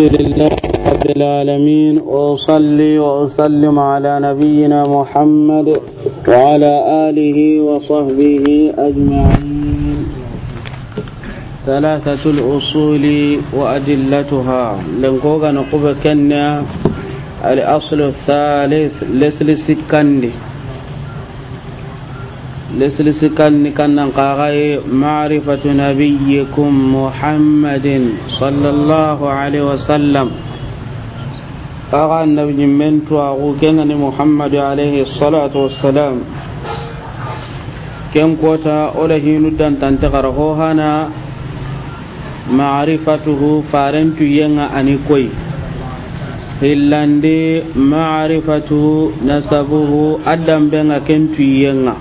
الحمد لله رب العالمين وأصلي وأسلم على نبينا محمد وعلى آله وصحبه أجمعين ثلاثة الأصول وأدلتها لنقوغ نقوب كنا الأصل الثالث لسلسكني لسلسكن كان قاغي معرفة نبيكم محمد صلى الله عليه وسلم أغا النبي من تواغو كان محمد عليه الصلاة والسلام كم كوتا أوله ندن تنتقر هنا معرفته فارنت ينا أنيكوي hillande معرفته نسبه adam بينا kentu yenga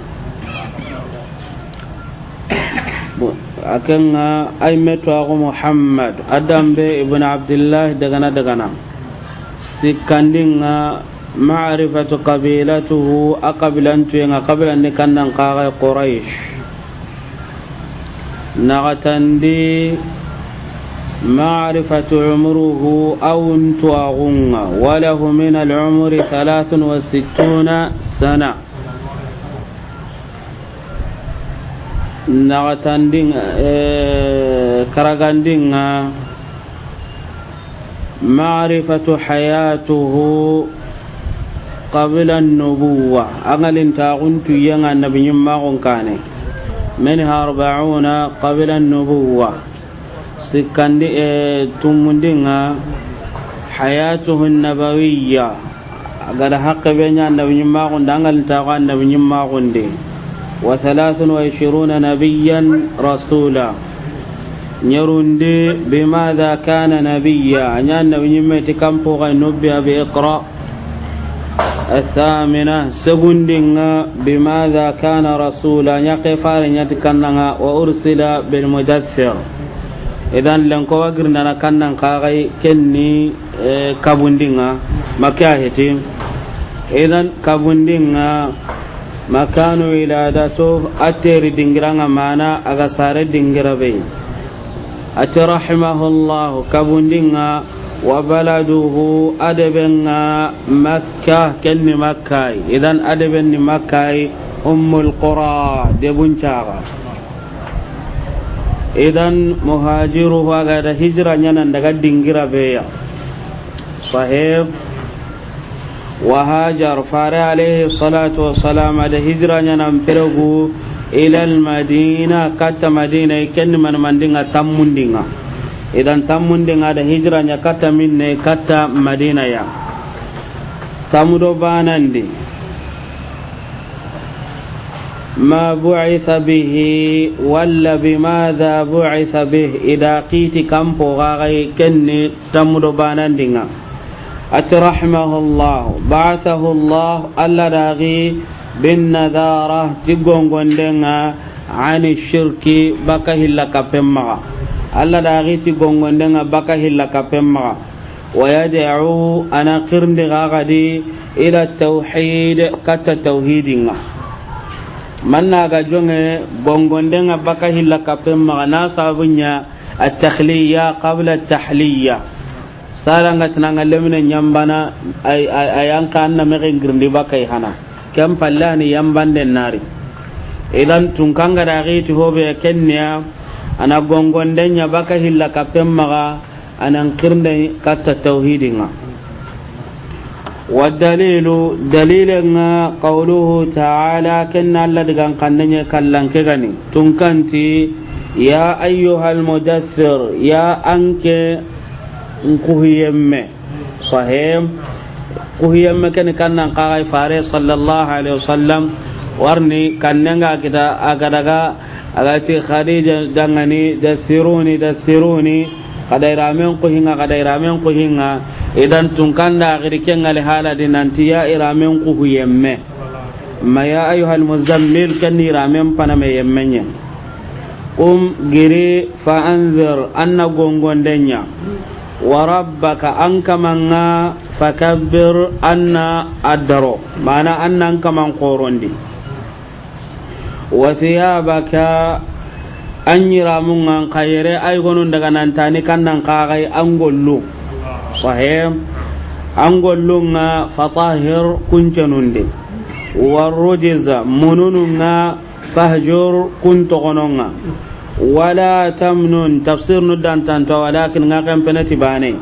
akenga ay metwago Muxammad adambe ibn abdullah dagana dagana sikkandinga ma'rifatu qabilatuhu aqabilantuyenga qabilandi kannan kaga quraish nagatandi معرفة عمره أو انتواغنغ وله من العمر ثلاث وستون sana. nagatandinga eh, karagandinga ah, ma'rifatu hayatuhu qabla an-nubuwwa angalin taquntu yanga nabiyyin ma'un kane min arba'una qabla an-nubuwwa sikandi eh, tumundinga ah, hayatuhu an-nabawiyya agada haqqe benya nabiyyin ma'un dangal taqan nabiyyin ma'un وثلاث وعشرون نبيا رسولا نيروندي بماذا كان نبيا أن النبي يميت كم فوق النبي بإقرأ الثامنة سبندنا بماذا كان رسولا يقفار يتكننا وأرسل بالمدثر إذن lenko wagirna na kannan كني kenni kabundinga makya heti idan kabundinga makanu wiladatu dingira dingiranga mana aga sare dingira be ati rahimahullah kabundinga wa baladuhu adabenga makka kenni makkai idan adabenni makkai ummul qura debuncaga idan muhajiru muhajiruhu da hijra nyana daga dingira ya sahib وهاجر فاري عليه الصلاة والسلام على هجرة نمبرغو إلى المدينة كت مدينة كن من مدينة تمون دينا إذا تمون دينا على هجرة كت من كت مدينة يا تمدو بانندي ما بعث به ولا بماذا بعث به إذا قيت كم فغاغي كن تمدو بانندينا أترحمه الله بعثه الله ألا راغي بالنذارة تقون قندنا عن الشرك بكه لك فمغا ألا راغي تقون قندنا بكه لك فمغا ويدعو أنا قرن غادي إلى التوحيد كتا توحيدنا من ناغا جونغي بونغوندنا بكه لك فمغا ناسا بنيا التخلية قبل التحلية nga tana nga lemine nyambana ayanka anna mege ngirndi bakai hana kem pallani yambanden nari idan tunkanga da giti hobe kenya ana gongonden nya baka hilla kapen maga anan kirnde katta tauhidinga والدليل دليل قوله تعالى كنا الذي kallan كلن كغني تنكنتي يا أيها المدثر يا anke. nkuhiyemme sahem kuhiyemme ken kannan kagai fare sallallahu alaihi wasallam warni kannenga kita agadaga agati khadija dangani dasiruni dasiruni da siruni kadairamen kuhinga kadairamen kuhinga idan tunkanda agirken ngali haladi nanti ya iramen kuhiyemme ma ya ayyuhal muzammil kan iramen paname yemmenye um giri fa anzir anna gongondenya وربك أنك من فكبر أن أدرو معنى أن أنك من قورون دي وثيابك أن يرامون أن خيري أيغنون دغن أنتاني كان ننقاغي أنغلو صحيح أنغلو فطاهر كنشنون دي والرجز منون فهجر كنتغنون wala tamnun tafsir nu dan tanto walakin nga kan penati bane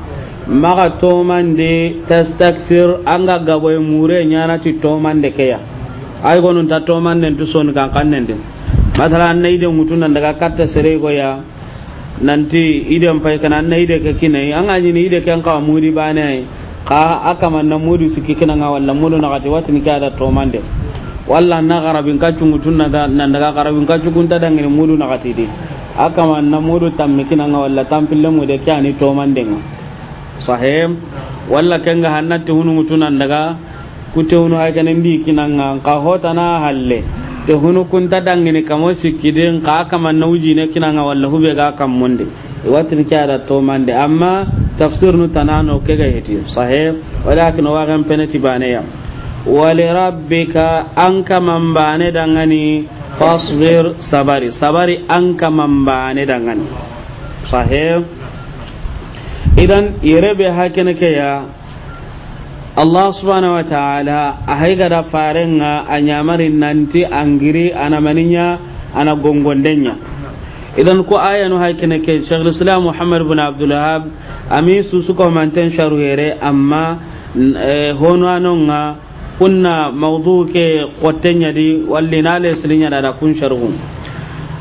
Maka to mande tastakthir anga gabo mure nyana ti to mande kaya ay gonun ta to mande to son kan kan nende masala an nayi de mutun daga katta sere go ya nanti idan fay kana nayi de ka kinai an anyi ni de kan ka muri bane ka aka man na mudu suki nga walla mudu na kati watin kada to mande walla na garabin ka cungu tunna da nan daga garabin ka cungun ta dangane mudu na katide aka ma na mudu tammikina nga walla tampille mu de ni to mandenga sahem walla kenga hannati hunu nan daga kute hunu haikane ndi kinanga ka hota na halle te hunu kun ta dangane kamo sikidin ka aka ma uji ne kinanga walla hube ga kan munde watin kya da to de amma tafsir nu tanano ga heti sahem walakin wa gan penati baneya ولربك أنك من بان دغني فاصبر صبري صبري أنك من بان دغني صحيح إذن هكذا يا allah subhanahu wa ta'ala a gada farin a nyamarin nanti an giri ana maninya idan ku ayanu no haike ke islam muhammad ibn abdul amisu su su ko manten amma eh, hono anon kunna mawdu ke qotenya di walli nale silinya da kun sharhu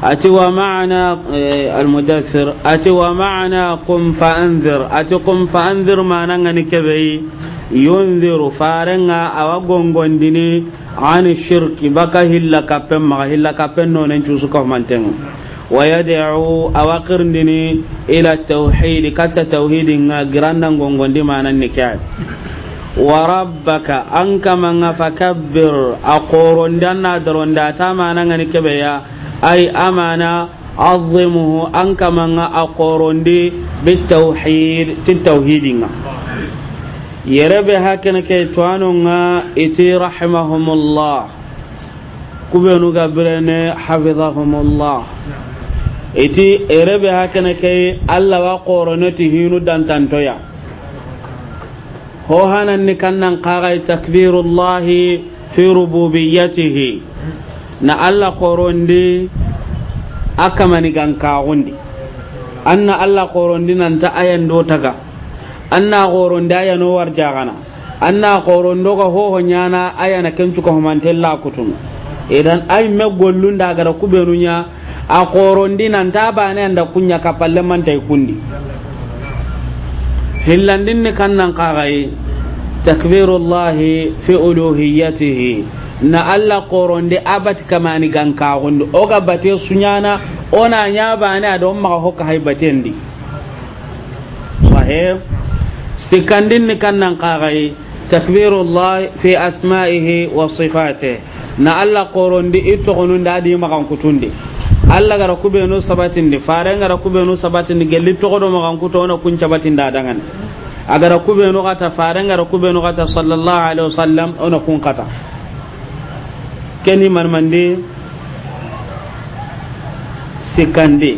ati wa ma'ana e, al-mudaththir ati wa ma'ana qum fa anzir ati qum fa anzir ma nan ngani kebe yunziru farenga awa gongondini an shirki baka hilla kappen maka hilla kappen nonen cusu kahmantengu ويدعو أواقرني إلى التوحيد كتا توحيد غراندا غونغوندي ما نكاد warabbaka an kama nga fakabbir a koron dan na daron da ta mana nga ni kebe ya ai amana azimuhu an kama nga a koron di bitauhid tin tauhidi nga yere be hakene ke tuano nga iti rahimahumullah kube nu gabrene hafizahumullah iti erebe hakene ke alla wa koronati hinu dan tantoya ho hananni kannan kagai takbirullahi fi rububiyatihi na allah korondi akamani gankagundi anna allah korondi nanta ayan do taga anna korondi ayano warjagana anna korondo ga hoho nyana ayana kencuka homantella kutun idan ay me gollunda gara kubenunya a korondi nanta bane anda kunya kapalle man tay kundi hillandin ne kannan kagai takbirullahi fi uluhiyatihi na Allah koronde abati kamani ganka gondo oga bate sunyana ona nyaba ne adon maka hokka hay batendi sahih sikandin ne kannan kagai takbirullahi fi asma'ihi wa sifatihi na Allah koronde ito gonunda adi makan kutundi allah gara kubenu sabatindi faren gara kubenu sabatindi gelli togodo magan kuto ona kun cabatindi dangan agara kubenu kata faren gara kubenu kata sallallahu alaihi wasallam ona kun kata keni manmandi sikandi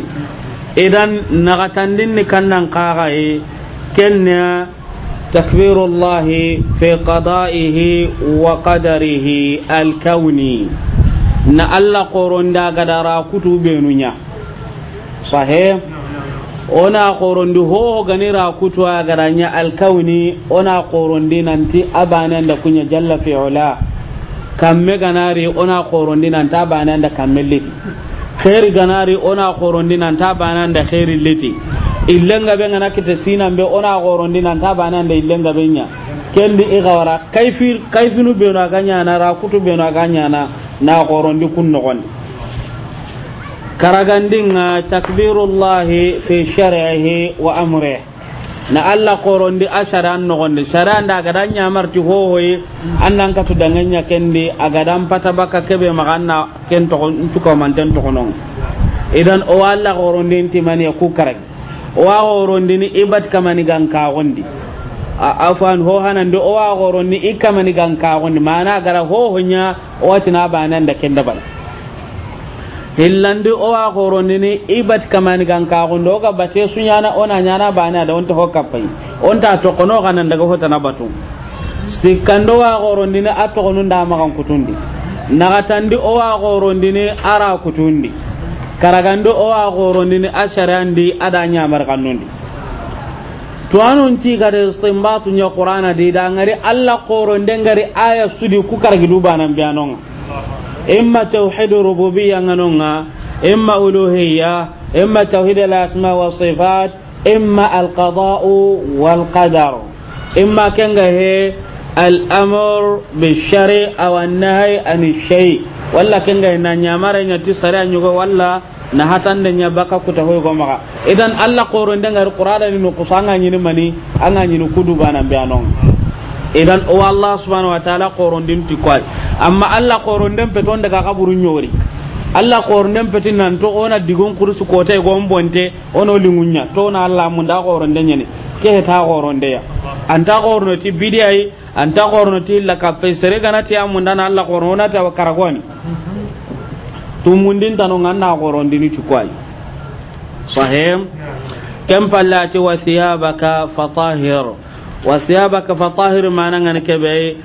idan nagatandin ni kannan kagaye kenya تكبير الله في قضائه وقدره الكوني na Allah koron da gadara kutu benunya sahe ona koron du ho gani ra kutu a garanya alkauni ona koron qorondi nanti abana da kunya jalla fi ula kamme ganari ona koron qorondi nanti abana da kamme liti khairi ganari ona koron qorondi nanti abana da khairi liti illenga be ngana kite sinan be ona koron qorondi nanti abana da illenga be nya kendi igawara kaifir kaifinu be na ganya na ra kutu be na ganya na na qorondi kun nogondi na, takbirullahi fi shar'ihi wa amri na Allah qorondi a shari'an nogondi shari'an da ga dan yamarti hohoye annan ka tudanganya ya kende aga dan pata baka kebe maganna ken to cuka man den to konon idan o Allah qorondi timani ku karag wa qorondi ni ibat kamani gan ka gondi afan ho hanan do owa goron ni ikamani gan ka gon mana gara ho honya watina banan da kenda bal hillandi owa goron ni ibat kamani gan ka gon do ga bace sunyana ona nyana bana da onta hokka pai onta to kono ganan daga hota na batu sikando wa goron ni ato kono nda makan kutundi nagatandi owa goron ni ara kutundi karagando owa goron ni a ada nyamar kanundi to anon ti ga da istinbatu nya qur'ana de da ngari alla qoron den ngari aya sudi ku nan dubanan biyanon imma tauhid rububiyya nganonga imma uluhiyya imma tauhid al asma wa sifat إما القضاء والقدر إما al هي الأمر بالشرع أو النهي عن shay' walla kenga na nyamara nya ti sare anyugo walla na hatan de nya baka kuta ho go maka idan alla qoro ndanga qur'ana ni no kusanga ni mani anga ni kudu bana bianon idan o allah subhanahu wa ta'ala qoro ndin ti kwai amma alla qoro ndem peton daga kaburu nyori alla qoro ndem petin nan to ona digon kurusu kote go mbonte ono lingunya to na alla mun da qoro ndenya ni ke ta goron de ya ta gorno ti an ta gorno ti la ka pesere gana ti amun dana Allah gorona ta karagoni tumundin tanu nganna goron dini cukwai sahem kam fallati wasiyabaka thiyabaka fatahir wasiyabaka thiyabaka fatahir mana ngani kebe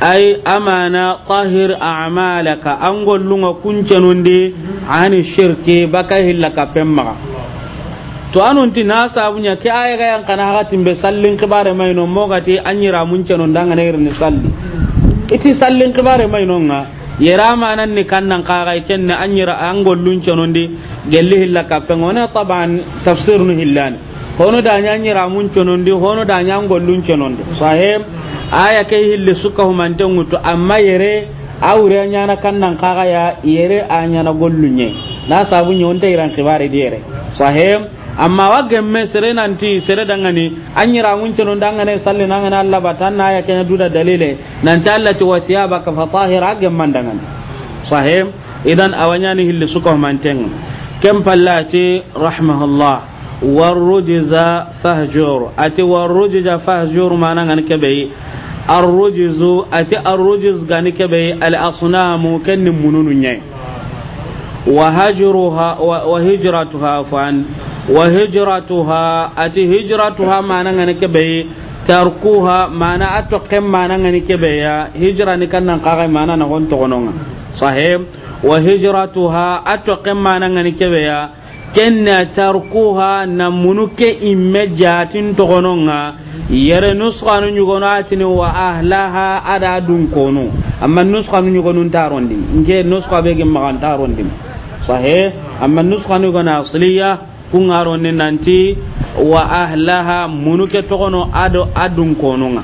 ay amana tahir a'malaka an lunga kuncenundi ani shirki baka hillaka pemma to anun ti na sabunya ke aya ga yang kana hati be sallin kibare mai non moga ti anyira mun non danga ne irin salli iti sallin kibare mai non nga yera manan ni kannan kaga ken ne an yira an gollun non di gelli hilla ka ona taban tafsirun hillan hono da nya an yira mun kenon di hono da nya an gollun kenon di sahem aya ke hilli suka hu man humanten mutu amma yere awure nya na kannan ga ya yere anya na gollunye na sabunya on ta iran kibare di yere sahem amma wa gemme sere nanti sere dangani anyira ngunce non dangane salle nangane Allah batan na ya kenya duda dalile nan ta Allah ti wasiyaba ka fatahira gemman dangane sahim idan ni hilli suko manteng kem pallati rahmahullah والرجز فهجر أتي والرجز فهجر ما نغن كبي الرجز أتي الرجز غن كبي الأصنام wa hajruha wa hijratuha fa'an wa hijratuha ati hijratuha mana ngani kebe tarkuha mana ato kem mana ngani ke baya hijra ni kannan kaga mana na gon togononga sahib wa hijratuha ato kem mana ngani ke baya kenna tarkuha na munuke imme jatin togononga yere nuskhanu nyugono atini wa ahlaha ada dun kono amma nuskhanu nyugono tarondi nge nusqabe be ge magan tarondi sahih amma nusqanu gona asliya ni nanti wa ahlaha munuke togono ado adun kononga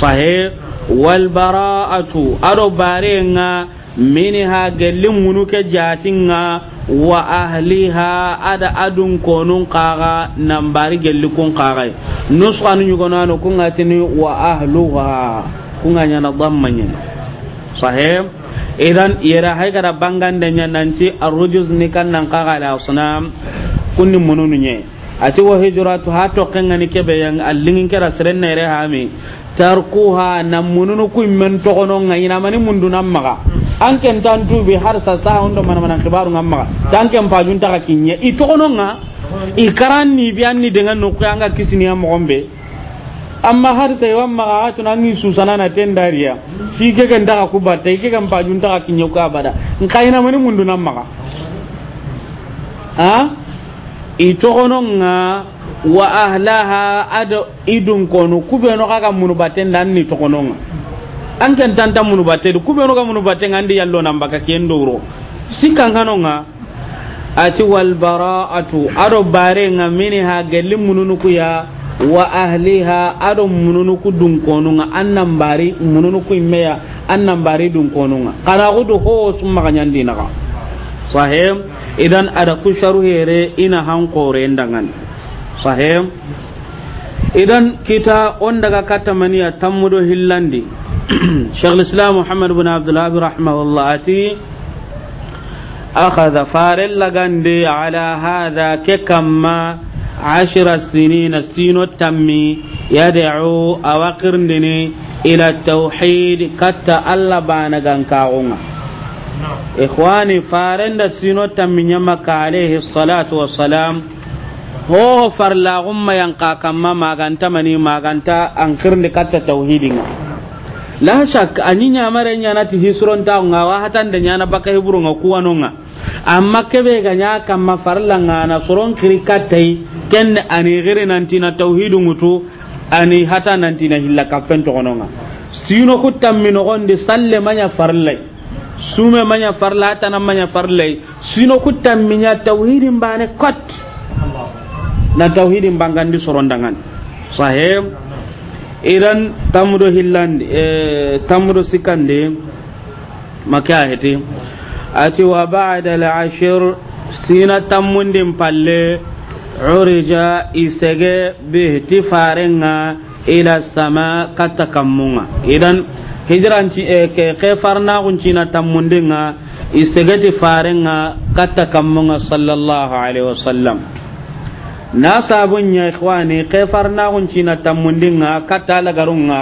sahe wal bara'atu ado barenga minha gellin munuke jatinga wa ahliha ada adun konun kaga nan bari gelli kun kaga nusqan nyugona no kungatini wa ahluha kunganya na dhammanya sahe idan yera hay gara bangande nya nanti arrujuz ni kan nan ka gala sunam kunni mununu nye ati wa hijratu ha to ngani ni kebe yang allingin kera seren na re hami tarkuha nan mununu ku men to kono ngayina mani mundu nam maga an ken tan bi har sa sa hondo man man kibaru ngam maga tan ken pa junta ka kinye i to kono nga i karan ni bian ni dengan no ku anga kisini am gombe amma har sai wan maga atuna ngi susana na tendariya ki ke kan daga ku batta ki kan pajun ta kinyo ka bada in kaina mani mundu nan maka. ha ito nga wa ahlaha ado idun kono kubeno kaka munu baten dan ni to kono an kan tanta munu batte kubeno kaga munu batte ngandi yallo nan baka kendo ro sikan kanonga ati wal bara'atu ado bare nga mini ha gelli mununu kuya wa ahliha ado mununuku dunkonunga annan bari mununuku immeya annan bari dunkonunga kana gudu ho summa kanyandi naga sahem idan ada ku sharu here ina hankore ndangan sahem idan kita on daga katamaniya tammudo hillandi shaykhul islam muhammad ibn abdullah ibn رحمه ati. akhadha أخذ فارل ala hadha kekamma عشر سنين السين التمي يدعو أواقر إلى التوحيد كتا ألا بانغان كاغونا إخواني فارند السين التمي يمك عليه الصلاة والسلام هو غم ينقا كما ما غانتا مني ما ماغانتا أنكرن كتا توحيدنا la shak ani ñamare ñanati hisurontaxunga wa hatande ñana baka heburunga kuwanonga amma أما كبه ña كما farlanga na soron kiri kattayi ken ani gire nanti na tauhidu ngutu ani hata nanti na hilla kafen to gononga sino ku tammino gonde salle manya farlay sume manya farla hata na manya farle sino ku tamminya tauhidin bane kot na tauhidin bangandi sorondangan sahib idan tamro hillande eh, tamro sikande maka hete ati wa ba'da al-ashr sina tammundin palle urija isege bihti farenga ila sama katta kammunga idan hijiranci e ke ke farna kuncina tammundinga isegeti farenga katta kammunga sallallahu alaihi wasallam na sabun ya ikhwani ke farna kuncina tammundinga katta lagarunga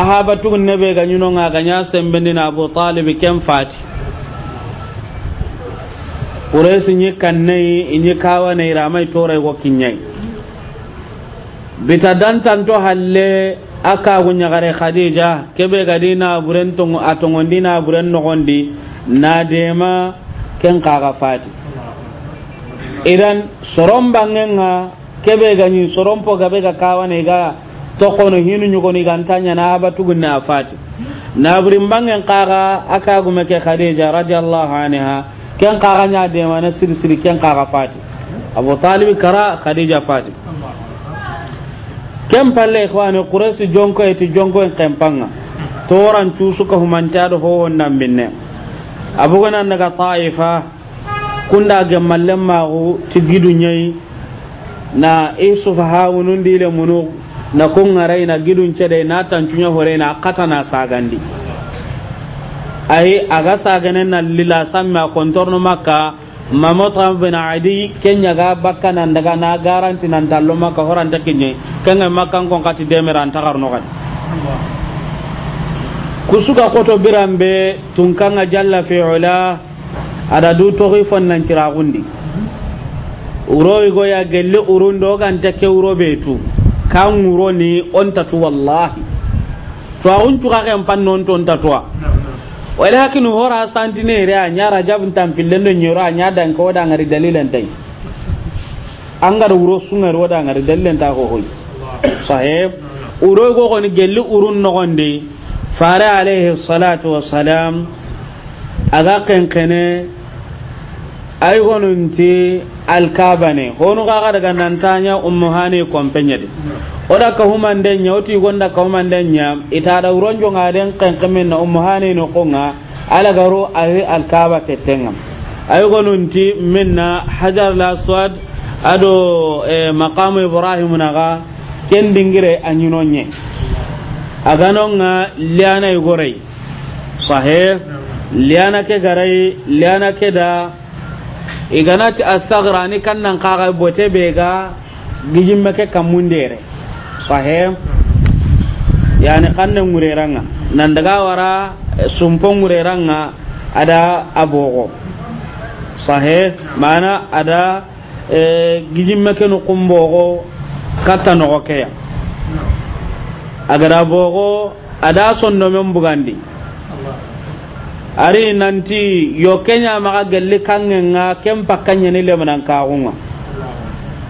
ahaba tugun nebe ganyuno nga ganya sembendina abu talib kem fati quraisin yi kannai in yi kawa ne ramai torai ko kinyai bita dantan to halle aka gunya gare khadija kebe gadi na buren tongo atongondi na buren nogondi na dema ken kaga fati idan soron bangen ha kebe ganyi soron po gabe ga kawa ne ga tokono hinu nyugo ni gantanya na abatugun na fati na burin bangen kaga aka gume ke khadija radiyallahu anha ken kaga nya de mana siri siri ken kaga fati abu talib kara khadija fati ken palle ikhwani quraysh jonko eti jonko en kempanga toran cusu ka humanta da ho nan binne abu gona daga taifa kunda ga mallan mago tigidu nyai na isu fahawunun dile munu na kun na gidun cede na tancunya hore na kata na sagandi ay aga sagane na lila samma kontorno maka mamota bin adi kenya ga bakka nan daga na garanti nan dallo maka horan ta ne kanga maka kon kati demeran takar no kan kusuka koto birambe tunkanga jalla fi ula ada du tohi fonnan kiragundi uro go ya gelle urundo kan ta ke urobe tu kan uro ni on tatu wallahi to a un cuka kan pan non ton tatuwa wala hakinu hora santine re a nyara jabun tampillen do nyora nya dan ko da ngari dalilan tai an gar wuro sungar wada ngari dalilan ta ko hoy sahib uro go ko ni gelli urun no gonde fara alaihi salatu wassalam aga kenkene ay honunti ne honu kaga daga tanya ummu hane kompenya de oda ka den nya oti gonda ka den nya ita da uronjo ngaden kankamen na ummu hane no konga ala garo ay alkaba tenga ay gonunti minna hajar la aswad ado e, maqam ibrahim ga ken dingire anyinonye aganonga liana igorei sahih liana ke garai liana ke da iganati asagra ni kannan kaga bote bega gijin meke kamundere sahem yani kannan ngureranga nan daga wara eh, sumpon ngureranga ada abogo sahe mana ada e, gijin meke no kumbogo katta no keya agara bogo ada sonno men bugandi ari nanti yo kenya maga gelli kangenga kem pakkanya ni le manan kaunga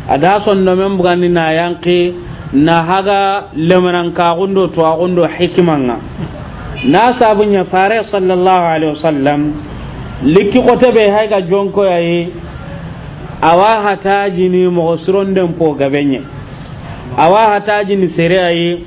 ada no men bugani na yanki na haga le manan kaundo to agundo hikimanga na sabunya fare sallallahu alaihi wasallam liki kote be hay jonko yayi awa hataji ni mosron suronden po gabenye awa hataji ni sere ayi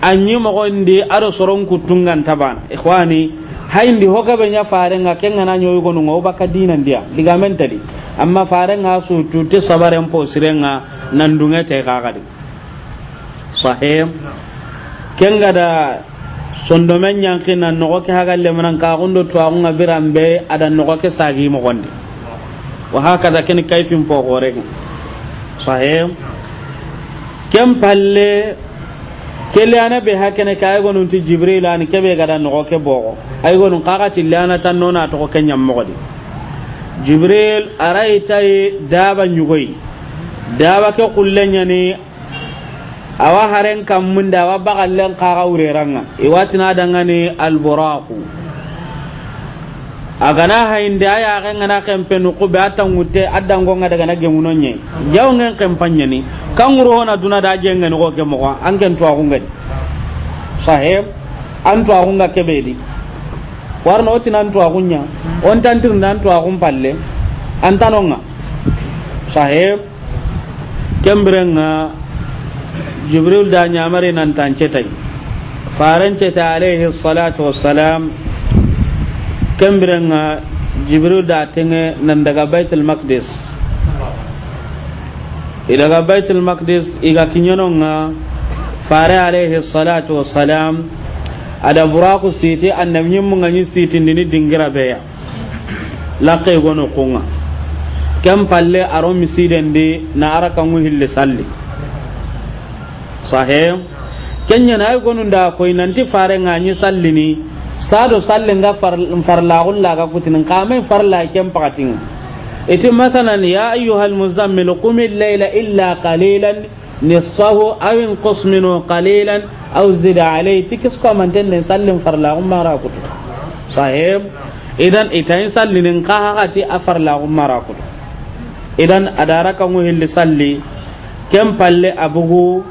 anyi mo gondi aro soron kutungan taban ikhwani hayndi hoka benya nya farenga kenga na nyoy gonu ngo baka dinan dia ligamen tadi amma farenga su tutte sabaren po sirenga nandunga te kagadi sahim kenga da sondomen yankina nogo ke hagalle manan ka gundo to agunga birambe ada nogo ke sagi mo gonde wa da ken kayfin po gore sahih kem palle kelle ana be hakene ka ay gonun ti jibril an kebe ga dan ke bogo ay gonun qaga ti lana tan nona to ko kenyam mo godi jibril araita daba nyugoi daba ke kullenya ni awa haren kam mun dawa bagallen qaga ureranga iwatina dangane alburaqu agana hayinde aya gengana kempe no ko bata ngute adda ngonga daga nage munonye jaw ngen kempanye ni kanguru hona duna da jengen ko ke mo an ken to agunga sahib an to agunga kebeli warno oti nan to agunya on tantir nan to agun palle an tanonga sahib kembrenga jibril da nyamare nan tancetai faran ceta alaihi salatu wassalam kembirenga ah, jibril da tenge nan daga baitul maqdis idaga baitul maqdis iga kinyononga ah, fare alaihi salatu wassalam ada buraku siti annam nyimmu ngani siti ndini dingira beya laqe gono kunga kam palle aro misiden di na araka nguhille salli sahih kenya na ay gonu nda koy nanti fare ngani salli ni sado sallin ga farlagun laga kutinin kamai farla ken pakatin iti masanan ya ayyuhal muzammil qumi layla illa qalilan nisfahu aw inqus minhu qalilan aw zid alayhi tikis ko man den sallin farlagun mara kutu sahib idan itain sallinin ka hakati a farlagun mara kutu idan adaraka mu hilli salli ken palle abugu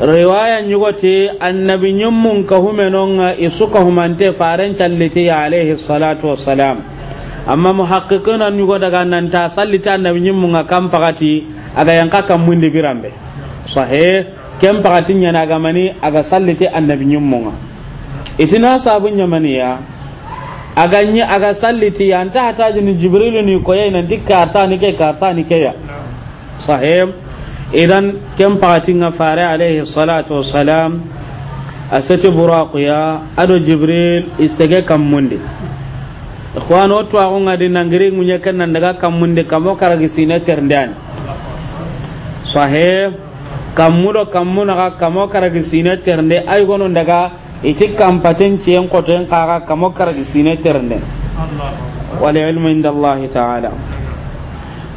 riwaya nyugoti annabi nyummun ka isu ka humante faran challiti alaihi salatu wassalam amma muhaqqiqina nyugo daga nan ta sallita annabi nyummun kam pagati aga yanka kam mundi birambe sahih kem pagati nyana aga mani aga salliti annabi nyummun itina sabun nyamaniya aga nyi aga salliti yanta hataji ni jibril ni koyai nan dikka sa ni ke ka sa ni ke ya sahih idan ken pakatin ga fare alaihi salatu wassalam asati buraqiya ado jibril isege kammunde ikhwan otu ago ngadi nangiri munye kan nan daga kammunde kamo karagi sine terndan sahe kammudo kammuna ga kamo karagi sine ternde ay gono daga iti kampaten ciyen koten kaga kamo karagi sine ternde wal ilmu inda allah ta'ala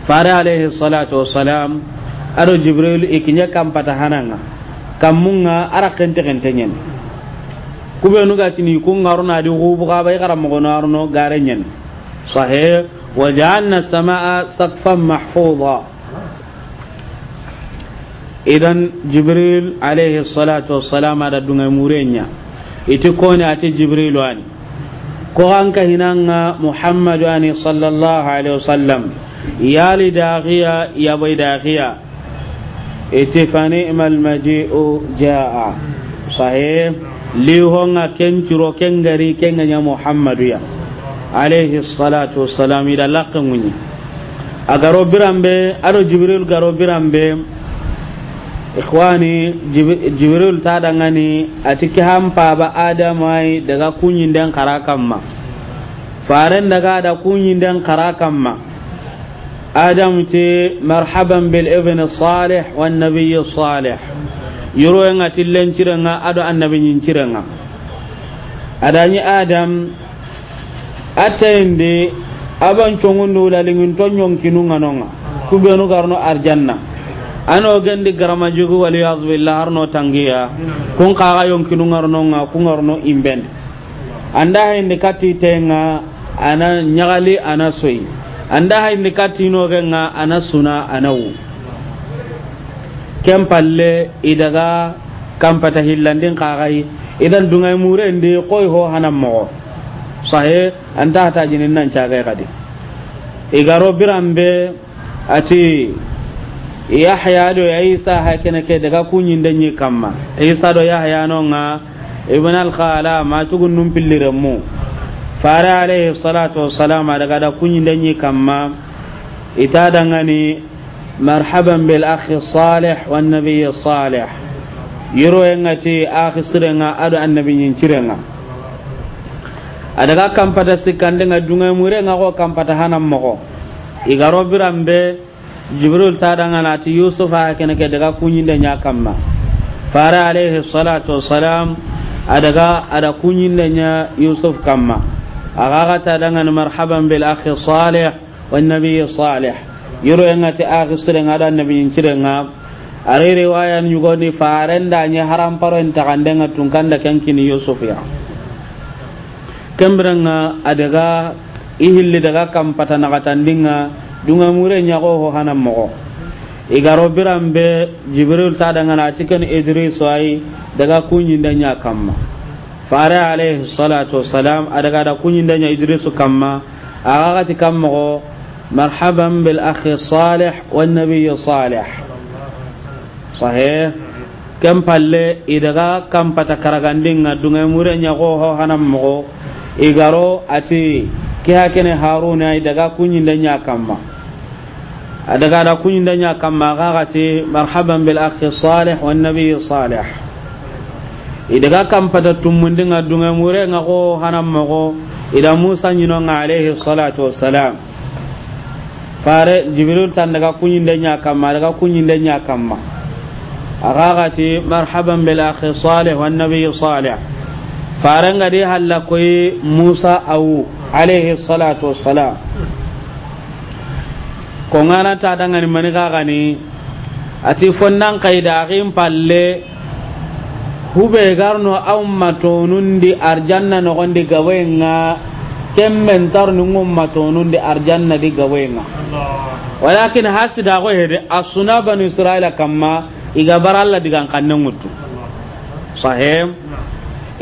fare alaihi salatu wassalam ado jibril ikinya kampata hananga kamunga ara kente kente nyen kube nu ga tini kun ngaruna di gubu ga bay garam go naruno gare nyen sahih wa ja'alna samaa saqfan mahfuza idan jibril alayhi salatu wassalam ada dunga murenya iti koni ati jibril wani ko hanka hinanga muhammadu ani sallallahu alaihi wasallam yali daqiya ya bai daqiya ite fani'mal maji'u jaa sahih ken ken gari ken ganya muhammadu ya alayhi salatu wassalam ida laqan agaro birambe jibril garo birambe ikhwani jibril ta dangani atiki hampa ba adamai daga kunyin karakamma daga da kunyin karakamma te آدم تي مرحبا بالابن الصالح والنبي الصالح يروينا تلين تيرنا أدو النبي تيرنا أداني آدم أتيندي aban congun do la lingin to nyonkinu nganonga ku benu garno arjanna ano gendi garama jogu wali azbillah arno tangiya kun kaga yonkinu ngarno nga ku ngarno imben anda hindi kati tenga ana nyagali ana soyi anda hayndi kattinogenga ana suna anawu ken palle idaga kampata hillandin kaxayi idan dungay murendi koy ho hanan moxo sahe anta jinin nan cagay kadi igaro biranbe ati yahya do ya isa ha kene ke daga kunyin danyi kamma isa do yahya no nga ibn al khala ma tugun num pilliremu fara alaihi salatu wassalam daga da kunyi da ni kamma ita da ngani marhaban bil akhi salih wan nabiy salih yiro yanga ti akhi sirenga adu annabi nyin kirenga adaga pata sikande nga dunga mure nga ko pata hanam mako igaro birambe jibril ta ngana ti yusuf ha kene ke daga kunyi da nya kamma fara alaihi salatu wassalam adaga ada kunyin nya yusuf kamma أغاغتا دنغن مرحبا بالأخ صالح والنبي صالح يرو ينغتي آخي سرين هذا النبي ينكرين أري رواية يقولني فارن داني حرام پرن تغندن تنكن دكن كني يوسف يا كمبرن أدغا ihilli daga kam patana katandinga dunga mure nyago ho hanan mogo igaro birambe jibril ta daga na cikin idris wai daga kunyin da nya kamma fare alayhi salatu wassalam adaga da kunyinda nya idrisu kamma agagati kammogo marhaban bil akhi salih wan nabiy salih sahih kam palle idaga kam pata karagandinga dunga murenya go ho hanam mogo igaro ati ke hakene haruna idaga da nya kamma adaga da kunyinda nya kamma agagati marhaban bil akhi salih wan nabiy salih idaga kampata tumundi nga dunga mure nga ko hanam mako ida musa nyino nga alayhi salatu wassalam fare jibril tan daga kunyinde nya kamma daga kunyinde nya kamma agagati marhaban bil akhi salih wan nabiy salih fare nga di halla koy musa awu alaihi salatu wassalam ko ngana ta ni mani gagani ati fonnan kaida agim palle hube garno amma tonundi arjanna no gonde gawenga kemmen tarnu umma tonundi arjanna di gawenga walakin hasida go hede asuna banu israila kamma iga baralla digan kanne ngutu sahem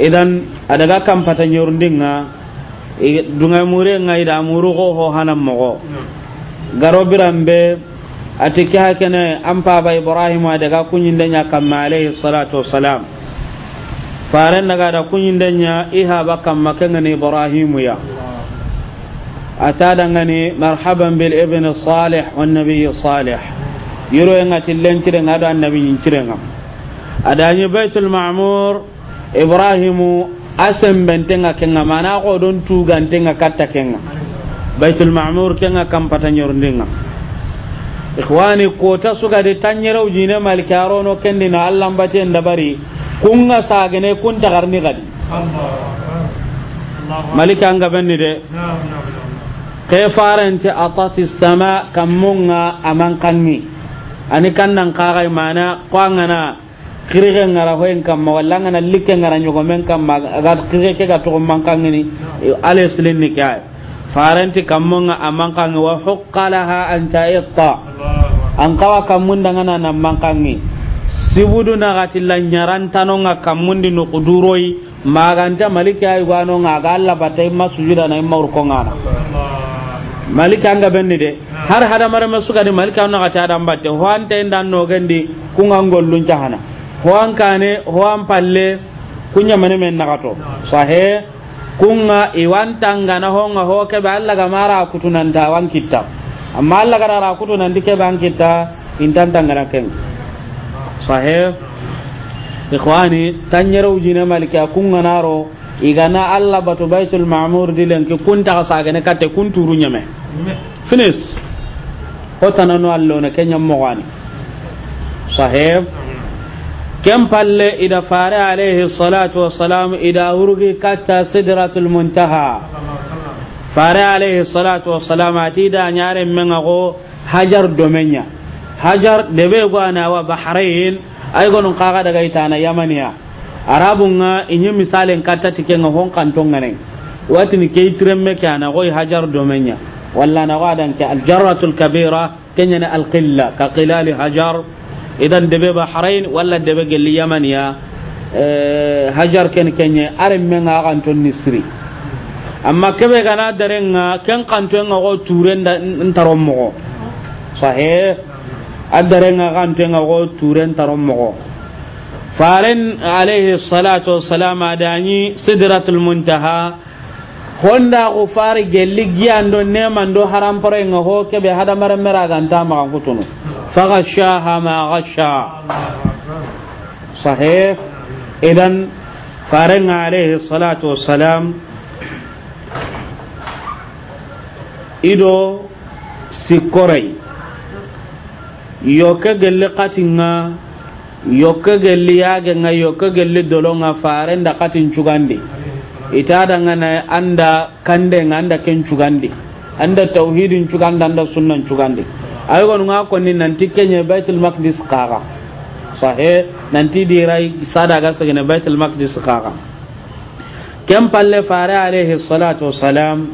idan adaga kam pata nyorndinga dunga mure nga ida muru go ho hanam mogo birambe atike hakene ampa ba ibrahim adaga kunyinde nya kamma alayhi salatu wassalam faran daga da kunyin danya iha bakan makan ne ibrahimu ya ata danga ne marhaban bil ibn salih wan nabiy salih yiro en atillen kiren ada annabi yin kiren am adani baitul ma'mur ibrahimu asan bentenga kenga mana ko don tugantenga katta kenga baitul ma'mur kenga kampata nyorndinga ikhwani ko ta suga de tanyerew jine malikarono kendina allah mbaten dabari kunga sagene kun tagarni gadi malika anga benni de ke farante atati sama kamunga aman kanni ani kannan kagai mana kwangana kriken ngara hoyen ma walla ngana likke ngara nyugo men ma ga kirege ga to man ni ale ni kay kamunga aman wa huqqalaha anta itta an kawa kamun ngana nan man sibudu na gati la nyaran tano nga kamundi no kuduroi maganta maliki ay wano nga ga Allah batai masujuda na imma urko ngana maliki anga benni de har hada mara masuka de maliki anga gati adam batte ho anta indan no gendi kunga ngollun cahana ho kane ho ampalle kunya mane men nagato sahe kunga iwan tanga na honga ho ke ba alla ga mara kutunanda wankitta amma alla ga ra kutunandi ke bankitta intan tangana kenga sahih ikhwani tanyarau jina maliki akunga naro igana alla batu baitul ma'mur dilen ki kunta kunturu nyame finis allo kenya mogani kem palle ida fare alayhi salatu wassalam ida katta sidratul muntaha fare alayhi salatu wassalam nyare menga go hajar domenya hajar debe gwana wa bahrain ay gonun kaga daga itana yamaniya arabun ga inyi misalin katta tike nga hon kanton ngane wati ni kay tremme kana goi hajar domenya walla na wadan ke aljaratul kabira kenya na alqilla ka qilal hajar idan debe bahrain walla debe gelli yamaniya eh, hajar ken kenya arin men ga kanton nisri amma kebe gana darenga ken kanton nga go turen da ntaron mo sahih adarenga gantenga go turen taron mogo faren alayhi salatu wassalam adani sidratul muntaha honda ko fari gelli giyando neman do haram pare nga ho kebe hada mara mera ganta ma kan kutuno faga shaha ma gasha sahih idan faren alayhi salatu wassalam ido sikorai yoke gelli katinga yoke gelli nga yoke gelli dolonga farenda katin itada itadanga na anda kande nga anda ken chugandi anda tauhidin chuganda anda sunnan chugandi ayo nga ko ni nanti kenye baitul maqdis qara sahe nanti dirai sada ga sagene baitul maqdis qara kem palle fare alayhi salatu wassalam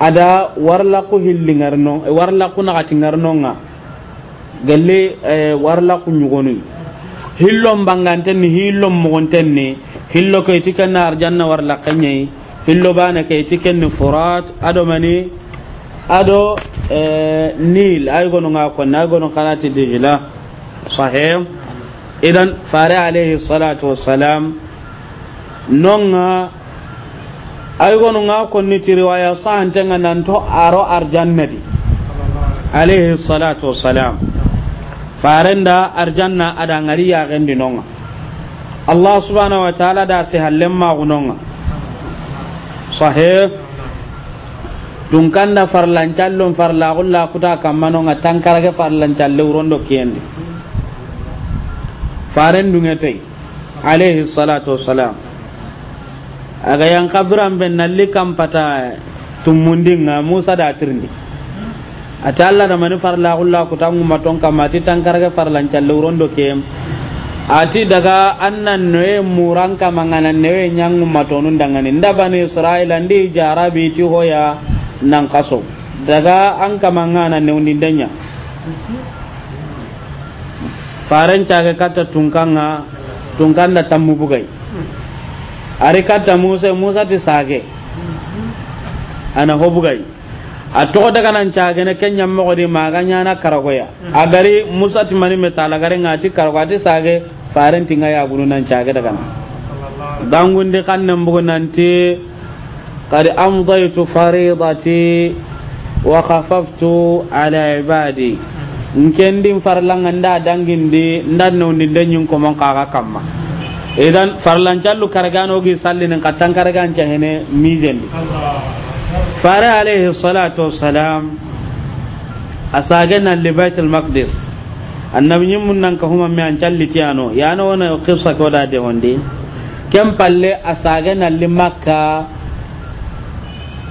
ada warlaku hillingarno eh, warlaku naxati nga galle eh, warlaku ñugonuy hillon bangantenni hillon ni hillo keyti kenni arjanna warlakke ñayi hillo bana ke keyti ni furat ado mani ado eh, nil ay gono nga ko na gono kanati dijila sahih idan fare alayhi salatu wassalam nonga ay gonu nga ni ti riwaya sahante nga to aro arjanna di alayhi salatu wassalam farenda arjanna ada ngari ya gendi nonga allah subhanahu wa ta'ala da se hallem ma gunonga sahih dun farlan farlancallon farla gulla kuta kammanonga tankarage farlancalle urondo kiyendi faren dungete alayhi salatu wassalam aga yang kabiran ben nalli kam pata nga musa da tirni ata alla da mani farla ulla ku tangu maton kam ati tankarga farlan challe rondo ke ati daga annan noye muran kama ngana newe nyang matonun dangani nda bani israila ndi jarabi ti hoya nan kaso daga an kama ngana ne undindanya faran caga kata tungkanga tungkanda tammu bugai ari katta musa musa ti sage ana hobugai a togo daga nan kenya ken ñammogodi maganya na karagoya a gari musa ti mani metala gari ngati karago ti sage farentinga yagunu nan cage daga nan dangundi kan nan bugu nanti قد أمضيت فريضتي وخففت على عبادي nkendin farlangan da dangin di ndan no ndin den ko mon kaga kamma idan farlan farlancallu karganogi sallinin kattan mi mijendi fare alaihi salatu wassalam a sagenan libaitul maqdis annabi mun nan ka huma mi an ya yana wona qissa ko da de wonde ken palle a nan li makka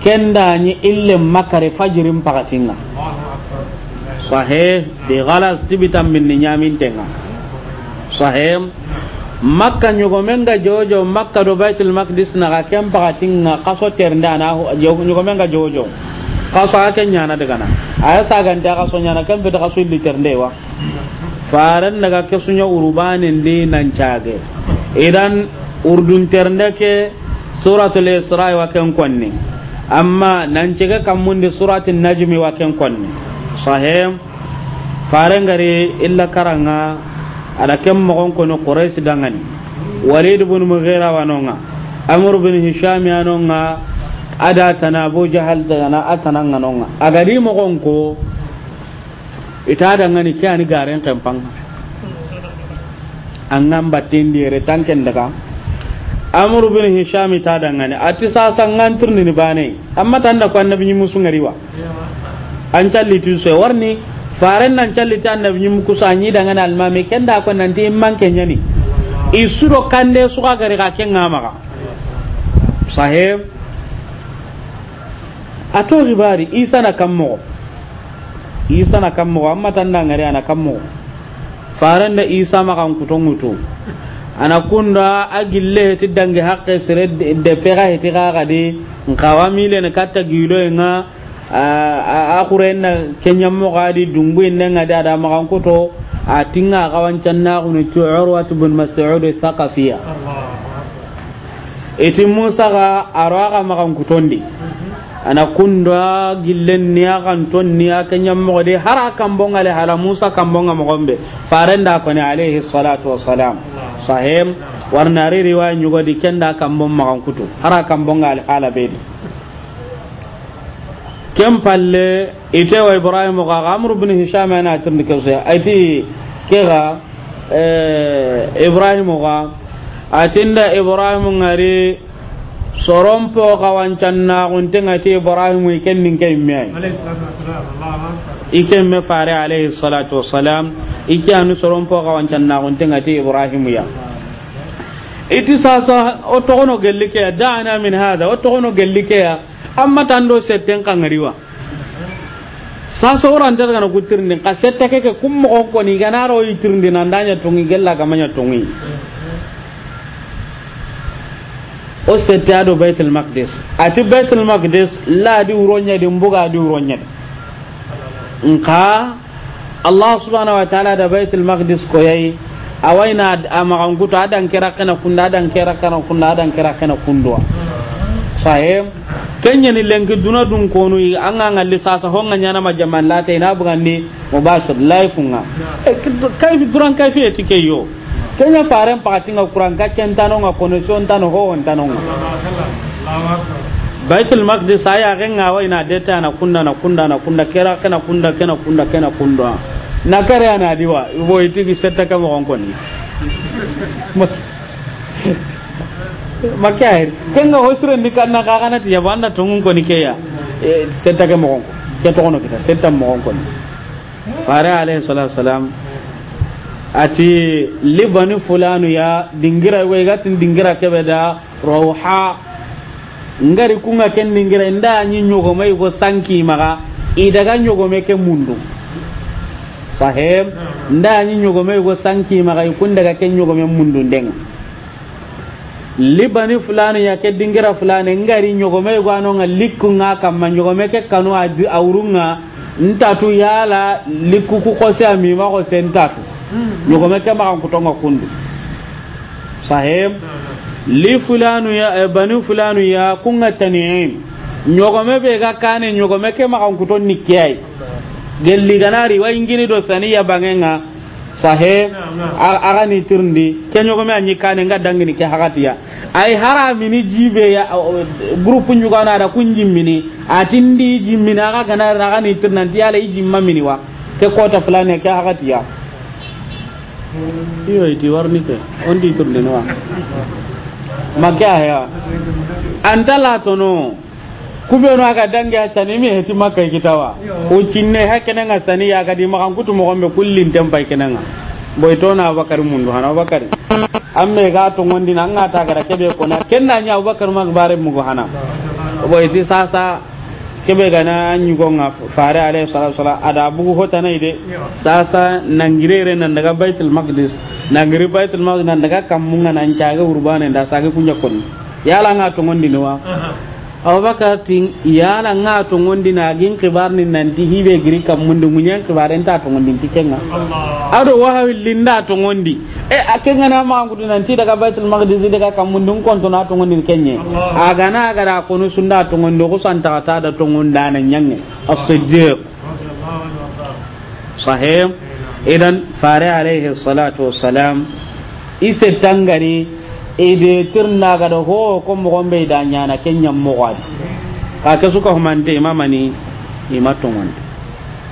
ken dañi ille makare fajirin pakatinga sahih bi ghalas tibitan min nyamin tenga sahih makka ñogomenga jojo makka do baitul maqdis naga ken pakatinga kaso terndana ñogomenga jojo kaso aga ken ñana dagana aya sagante a kaso ñana ken fete kaso illi terndewa faren nagaa ke suña urubanen di nancage idan urdun ternde ke suratul isra wa ken konni amma nancege kammundi suratul najmi wa ken konni sahem faren gari illa karanga ada kem mogon kono quraish dangan walid ibn mughira wanonga amr ibn hisham yanonga ada tana abu jahal dana atana nganonga agadi mogon ko ita ki an garen kempang angan batin re tanken daga amr ibn hisham ita dangan ati sasa ngantur ni bane amma tanda ko annabi musu ngariwa an calli tu so warni faren nan can ta annabi nyim kusanyi dangan almame kenda ko nan man kenya ni isuro kande suka gari ka ken ngama ka sahib ribari isa na kammo isa na kammo amma tan nan ngari ana kammo faren da isa mutu ana kunda agille ti dangi hakke sire de pera ka ga ne katta gilo nga a na kenya mogadi dungu inne ngadi ada magan koto atinga kawancan nagunu ti urwat ibn mas'ud thaqafiya iti musa ga ka magan kutondi ana kunda gillen ni akan ton ni akan mo de hara kambonga le hala musa kambonga mogombe farenda ko ni alayhi salatu wassalam sahem warna ri riwaya nyugo di kenda kambon magan kutu hara kambonga le hala bedi kem palle ite wa ibrahim ga amru ibn hisham ana tirni kaso aiti kega ibrahim ga atinda ibrahim ngari soron po kawancan na kuntin ati ibrahim iken nin kai mai iken me fare alayhi salatu wassalam ike anu soron po kawancan na kuntin ati ibrahim ya iti sasa o togono gellike ya da'ana min hada o togono gellike ya amma tan do setten kan ngariwa sa so ran tar kana ndin ka sette ke ke kum ko ko ni ganaro yitirndin andanya tungi gella manya tungi o sette ado baitul maqdis ati baitul maqdis la di uronya di mbuga di uronya nka allah subhanahu wa ta'ala da baitul maqdis ko yayi awaina amagan guto adan kira kana kunda adan kira kana kunda adan kira kana kundo sahem ni lenki duna dun konu an nga alli sasa honga nyana ma jaman lata ina bugandi mubashir life nga eh, kaifi kuran kaifi ke yo kenya faren pakati nga kuran ka kentano nga connection tano ho tano nga baitul maqdis aya nga wa ina deta na kunda na kunda na kunda kera kana kunda kana kunda kana kunda na kare ana diwa bo itigi setta ka mo ni. makke aher kenga hosrendi kanna kaxanati yabo anda tongun koni keya settake ko ke kita e, koni alayhi salatu ati libani fulanu ya dingira ko igatin dingira kebe da ngari kunga ken dingira nda nyi mai go sanki maga idaga me ke mundu sahem nda nyi nyogo mai go sanki maga daga ken me mundu denga libani fulani ya ke dingira fulani ngari nyogome gwano nga likku nga kamma nyogome ke kanu adi awrunga ntatu yala likku ku kose ami ma ko sentatu mm. nyogome ke ma kan kutonga kundu sahib li fulanu ya eh, bani fulanu ya kunga tan'im nyogome be ga kane nyogome ke ma kan kuton nikiyai gelli ganari wa ingini do sani saniya bangenga sahe aga ni tirndi ke nyogo me anyi kane nga dangini ke hakatiya ay harami ni jibe ya groupe nyuga na da mini atindi jimmini aga kana aga ni ndi ala ijimma mini wa ke kota fulani ke hakatiya iyo iti warni ke ondi tirndi no wa makya ya antala tono kubenu aga dange sani mi heti makka wa o cinne hakene nga sani ya di makan kutu mo gombe kullin tempa nga boy to na abakar mundu hana abakar amme ga to ngondi na nga ta gara kebe kona kenna nya abakar mag bare mu go hana boy ti sa kebe gana anyu go nga fare alayhi salatu wasallam ada bugu de sa sa nangire nangirere nan daga baitul maqdis nangire baitul maqdis nan daga kamunga nan caga urbane da saga kunya kon la nga to ngondi no wa abubakar tin iyala nga to ngondi na gin kibar ni nanti hibe giri kam mundu munyan kibar enta to ngondi tikenga ado wahawi linda to ngondi e akenga na ma ngudu nanti daga baitul maqdis daga kam mundu kon to na to ngondi kenye aga na aga da kono sunda to doku, ko santa ta da to ngonda na nyange as-siddiq sahih idan fare alaihi salatu wassalam ise tangani ide tirna ga da ho ko mo gombe da na kenya mo gadi ka ke suka humante imamani imatongon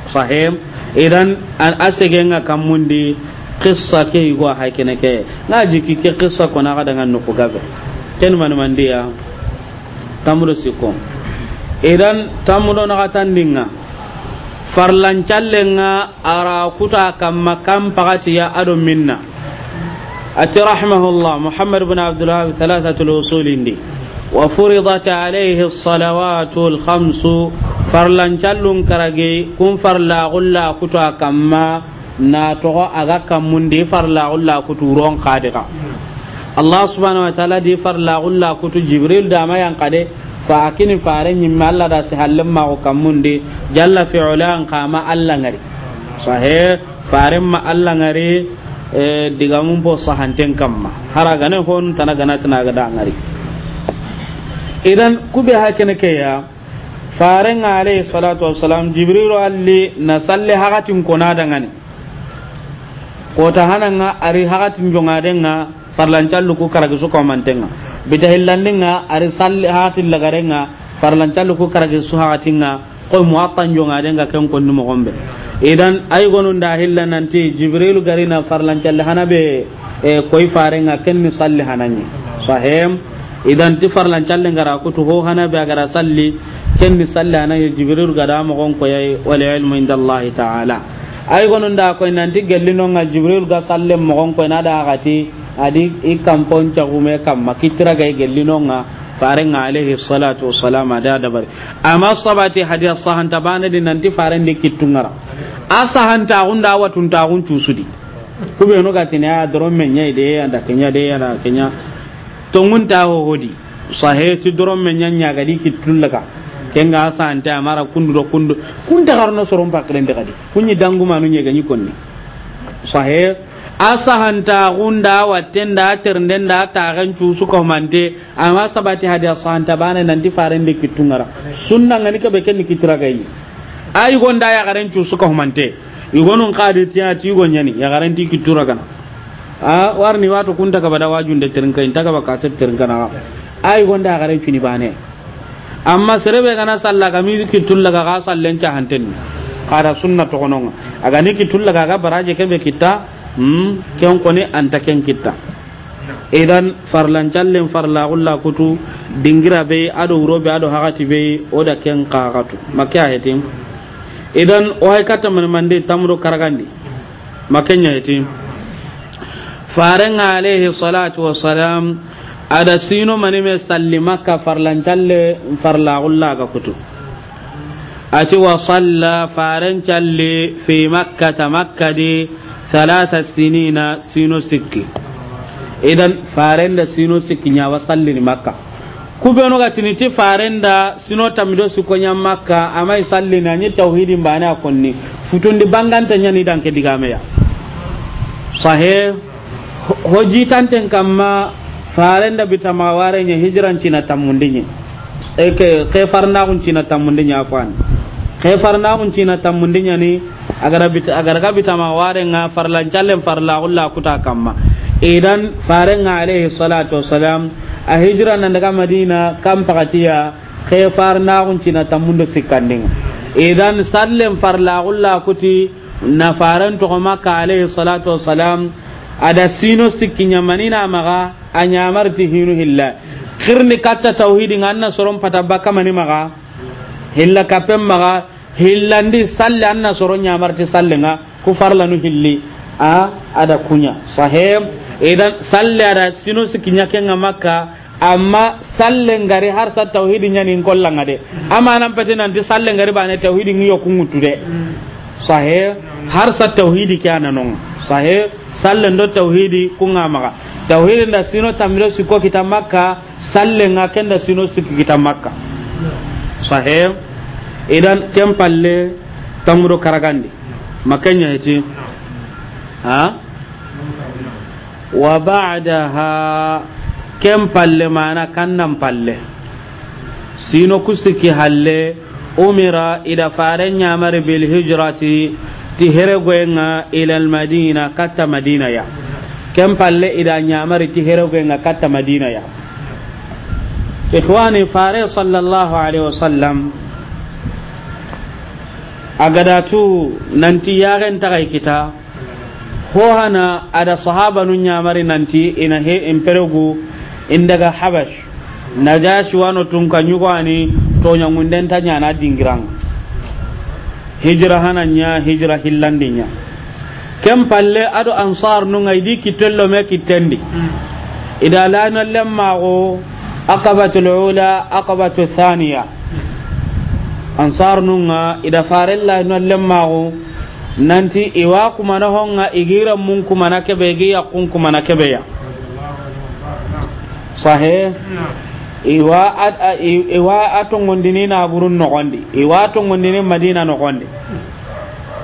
sahim idan an asege nga kamundi qissa ke yugo hakene ke na jiki ke qissa ko na kada ngan nuku gabe ken man mandiya tamro siko idan tamro na katandinga farlan challenga ara kuta kam makam pagati ya ado minna أتي رحمه الله محمد بن عبد الوهاب ثلاثة الوصول دي وفرضت عليه الصلوات الخمس فرلن تلون كرجي كن فرلا غلا كتوا كما ناتو أغا كمون دي فرلا غلا كتوا رون قادقا الله سبحانه وتعالى دي فرلا غلا كتوا جبريل داما ينقدي فأكين فارن يما الله دا سهلم ما كمون دي جل في علان قاما الله صحيح فارن ما الله E, diga mun bo sahanten kamma hara gane hon tana gana tana ga dangari idan kube hakene ke ya faren alayhi salatu wassalam jibril alli na salli hakatin na dangane ko ta hananga ari hakatin jongadenga farlancallu ku karagi su komantenga bita hillandinga ari salli hakatin lagarenga farlancallu ku karagi su hakatinga ko muwatta jonga de nga kan ko numo gombe idan ay gonun da hilla nanti jibril garina farlan challe hanabe e koy fare nga ken ni salli hanani sahem idan ti farlan challe ngara to ho hanabe agara salli ken ni salli hanani jibril gada mo gon ko yai wal ilmu inda allah ta'ala ay gonun da koy nanti gellino nga jibril ga salle mo gon ko na da gati adi ikampon chagume kam makitra ga gellino nga faren alaihi salatu wassalam da dabar amma sabati hadiya sahanta bana din nan ti faren de kitungara asahanta hunda tun ta hun cusudi kube no gatin ya doron men nyai de ya da kenya de ya na kenya to mun ta ho hodi saheti doron men ya nyanya gadi kitullaka kenga ta mara kundu do kundu kun ta garno soron pakren de gadi kunyi dangu manu nyega nyi konni sahet asahanta gunda watenda ternden da tagan su ko mande amma sabati hadi asahanta bana nan di faran de kitungara sunna ngani ka beken kitura gayi ay gonda ya garan su ko yi gonun qadi tiya ti gonyani ya garan ti kitura kana a warni wato kunta ka bada wajun da tirinka inta ka baka sat tirinka na ay gonda ya garan cuni bane amma serebe kana salla ga mi kitulla ga sallen ta hanten qara sunna to gonon aga ni kitulla ga ga baraje kebe kita hmm ken koni anta ken kitta idan farlan callen farla ulla kutu dingira be ado urobe ado hakati be oda ken qaqatu makya hetim idan o hay kata man mande tamro karagandi makenya hetim faran alaihi salatu wassalam ada sino mani me sallima ka farlan calle farla ulla ga kutu ati wa salla faran calle fi makkata di. ثلاث سنين سينو سكي إذن فارند tiniti farenda sino tamido suko nya makka amai salli na ni tauhidi mbane akonni futundi banganta nya ni danke digame ya sahe hoji tanten kamma farenda bitama ware nya hijran cina tamundi nya eke ke ke farna mun cina tammundi ni agar bit agar ka bita ma ware nga farlan challen farla ulla kuta kamma idan faren alaihi salatu wassalam a hijira nan daga madina kam pakatiya ke farna mun cina tammundo sikanding idan sallen farla ulla kuti na faran to maka alaihi salatu wassalam ada sino sikinya manina maga anyamarti hinu hilla khirni katta tauhidin anna soron patabaka manima mani maga hilla kapen maga hillandi salle anna soro nyamarti salli nga kufar farlanu hilli a ada kunya sahem idan salle ada sino sikinya kenga maka amma salle ngari har sa tauhidin nyani kolla ngade amma nan pete nan ti salle ngari bane tauhidin ngiyo kungutu de sahem har sa tauhidi kiana nong sahem salle ndo tauhidi kunga maga tauhidin da sino tamiro siko kita maka salle nga kenda sino sik kita maka sahih idan kem palle tamro karagandi makanya heti ha wa ba'daha kem palle mana kannan palle sino kusiki halle umira ida faren nyaamari bil hijrati ti ila madina katta madina ya kem palle ida yamar ti here katta madina ya ikhwani fare sallallahu alaihi wasallam agadatu nanti yaren tagai kita ho hana ada sahaba nun nyamari nanti ina he imperegu indaga habash najashi wano tunka nyugwani to nyangunden ta nyana dingirang hijra hananya hijra hillandinya kem عقبة الأولى عقبة الثانية أنصار نونا إذا فار الله نلمه nanti iwa kuma na honga igira mun kuma na kebe giya kun kuma na kebe ya sahe iwa at iwa atongondini na burun no gondi iwa atongondini madina no gondi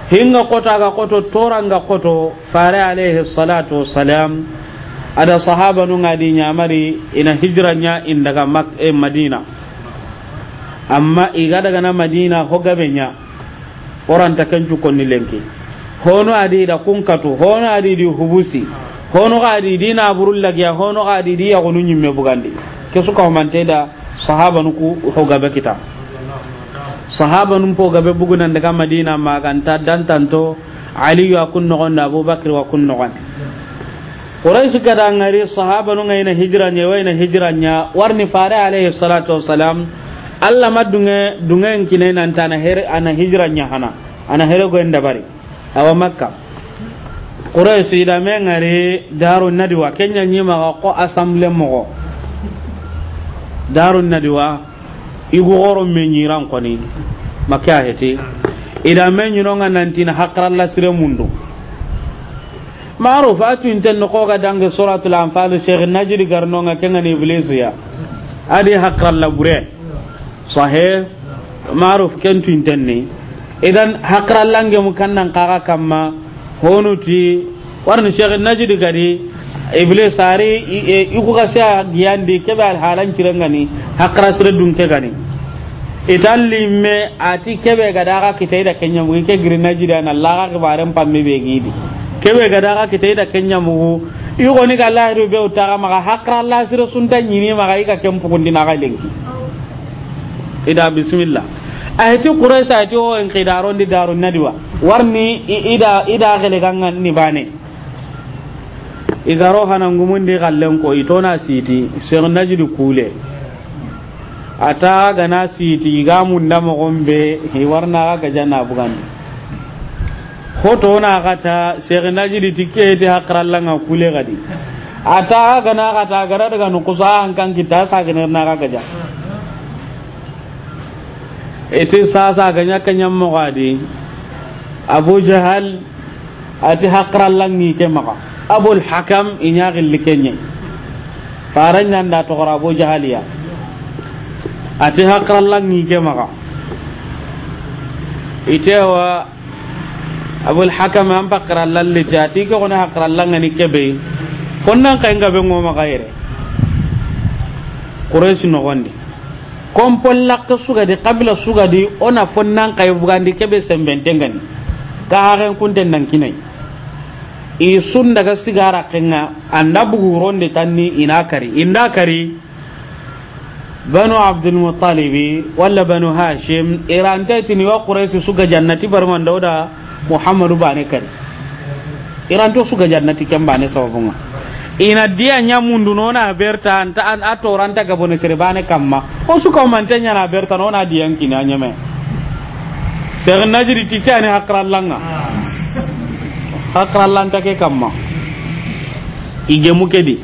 hinga kota ga koto toranga koto fare alaihi salatu wassalam ada sahaba nu ngadi nyamari ina hijranya indaga mak e madina amma iga daga na madina hogabenya oranta cukon ni lenki hono adi da kunkatu hono adi di hubusi hono adi di na burullagiya hono adi di yagonu nyimme bugandi ke suka mante da sahaba nu ku gabe kita sahaba nu po gabe bugunan daga madina maganta tanto aliyu wa nogon da abubakar wa kun nogon quraish kada ngari sahaba nu ngaina hijranya waina nya warni fara alaihi salatu wassalam alla madunga dunga kine nan tana her ana hijra nya hana ana hero go enda bari awa makka quraish ida me ngari daru nadwa kenya nyi ma ko asamble mo daru nadwa igu goro me nyiran koni makka heti ida me nyinonga nan tina hakralla sire mundu maro fatu inten no koga dange suratul anfal sheikh najri garno nga kenga ni iblis ya adi haqqal la bure sahih maro kentu inten idan haqqal lange mu kannan kaga kamma honuti warni sheikh najri gari iblis ari iku ga sa giyandi kebe al halan kirangani haqqra sire dun ke gani itan limme kebe ga daga kitai da kenya mu girin najri an allah ga baran pamme be gidi kewe gada ka kite da kenya mugu i goni ga lahiru be utaga maga hakra allah sira sunta nyini maga ika kem pugundi na ga lengi ida bismillah ahiti quraysa ahiti ho en qidaro di darun nadiwa warni ida ida gele ganga ni bane igaro hanan gumundi gallen ko itona siti sir najidi kule ata gana siti ga mun da mo gombe hi warna ga jana bugandi hoto na kata shekhi najidi tikke ti hakralla a kule gadi ata ga na kata gara daga no kusa an kan kita sa ga na ga gaja ite sa sa ga nya kanyam di abu jahal a ati hakralla ni ke maka abul hakam inya gilli kenye faran nan da to abu jahal ya jahaliya ati hakralla ni ke maka wa. abul hakam am pakara lalle jati ko na langa ni kebe konna kan ga bengo makaire quraish no gonde kon polla ka suga de qabila suga di ona fonnan kay bugandi kebe semben dengani ka haren kunten nan kinai i sun daga sigara kenga anda bugu ronde tanni ina kari inda kari banu abdul muttalibi wala banu hashim iranta ni wa quraish suga jannati barman dauda muhammadu bane kari iranto suga jannati ken bane sababunga ina diya ñammundu noona berta anta an ta a toranta gabone sere bane kamma o manta mante ñana berta noona diyankini a ñeme seh najiri ti cani hakrallanga hakrallanta ke kamma i gemu kedi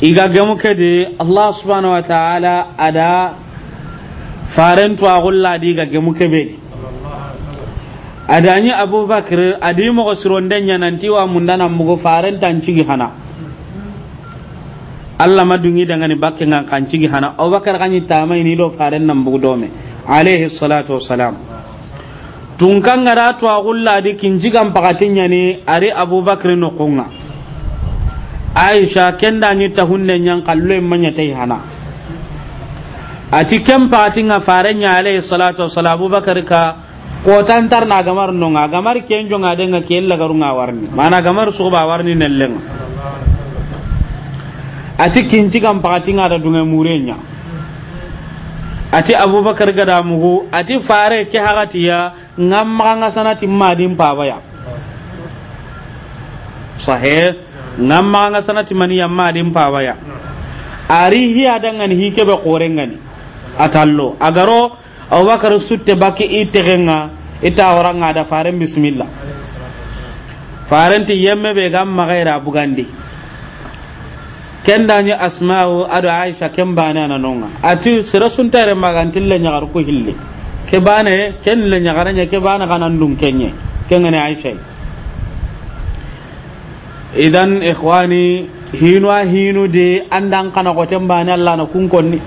iga gemu kedi allah subhanau wa taala ada farentuwaxulladi iga gemu keɓedi adani abubakar adi mogo sironden ñananti wa mundana mugo faren tancigi hana allah ma dengan bakke ngan kancigi hana abubakar mai ni do faren nan bugu dome alaihi salatu wassalam tun kan gara tuwa di kinji gam pakatin ni ari abubakar no kunga aisha kenda ni tahunne ñan manya tai hana a cikin fatin a faren ya alaihi salatu wassalam abubakar ka kotan tar na gamar nonga gamar ken nga denga ken la nga warni mana gamar su ba warni nellen ati kinci gam pakati nga da dunga murenya ati abubakar gada muhu ati fare ke hagati ya ngamma nga sanati madin pabaya sahih ngamma nga sanati mani ya madin pabaya ari hi adangan hi ke hikebe qorengani atallo agaro Bakar sutte baki i ita horanga da faren bismillah farenti yemme be gam magaira bugandi kendani asma'u adu aisha ken bana na nonga ati sira sun tare le nyagar ko hille ke bana ken le nyagara nya ke bana kana dum kenye ne aisha idan ikhwani hinu hinu de andan kana ko tembane allah na kun konni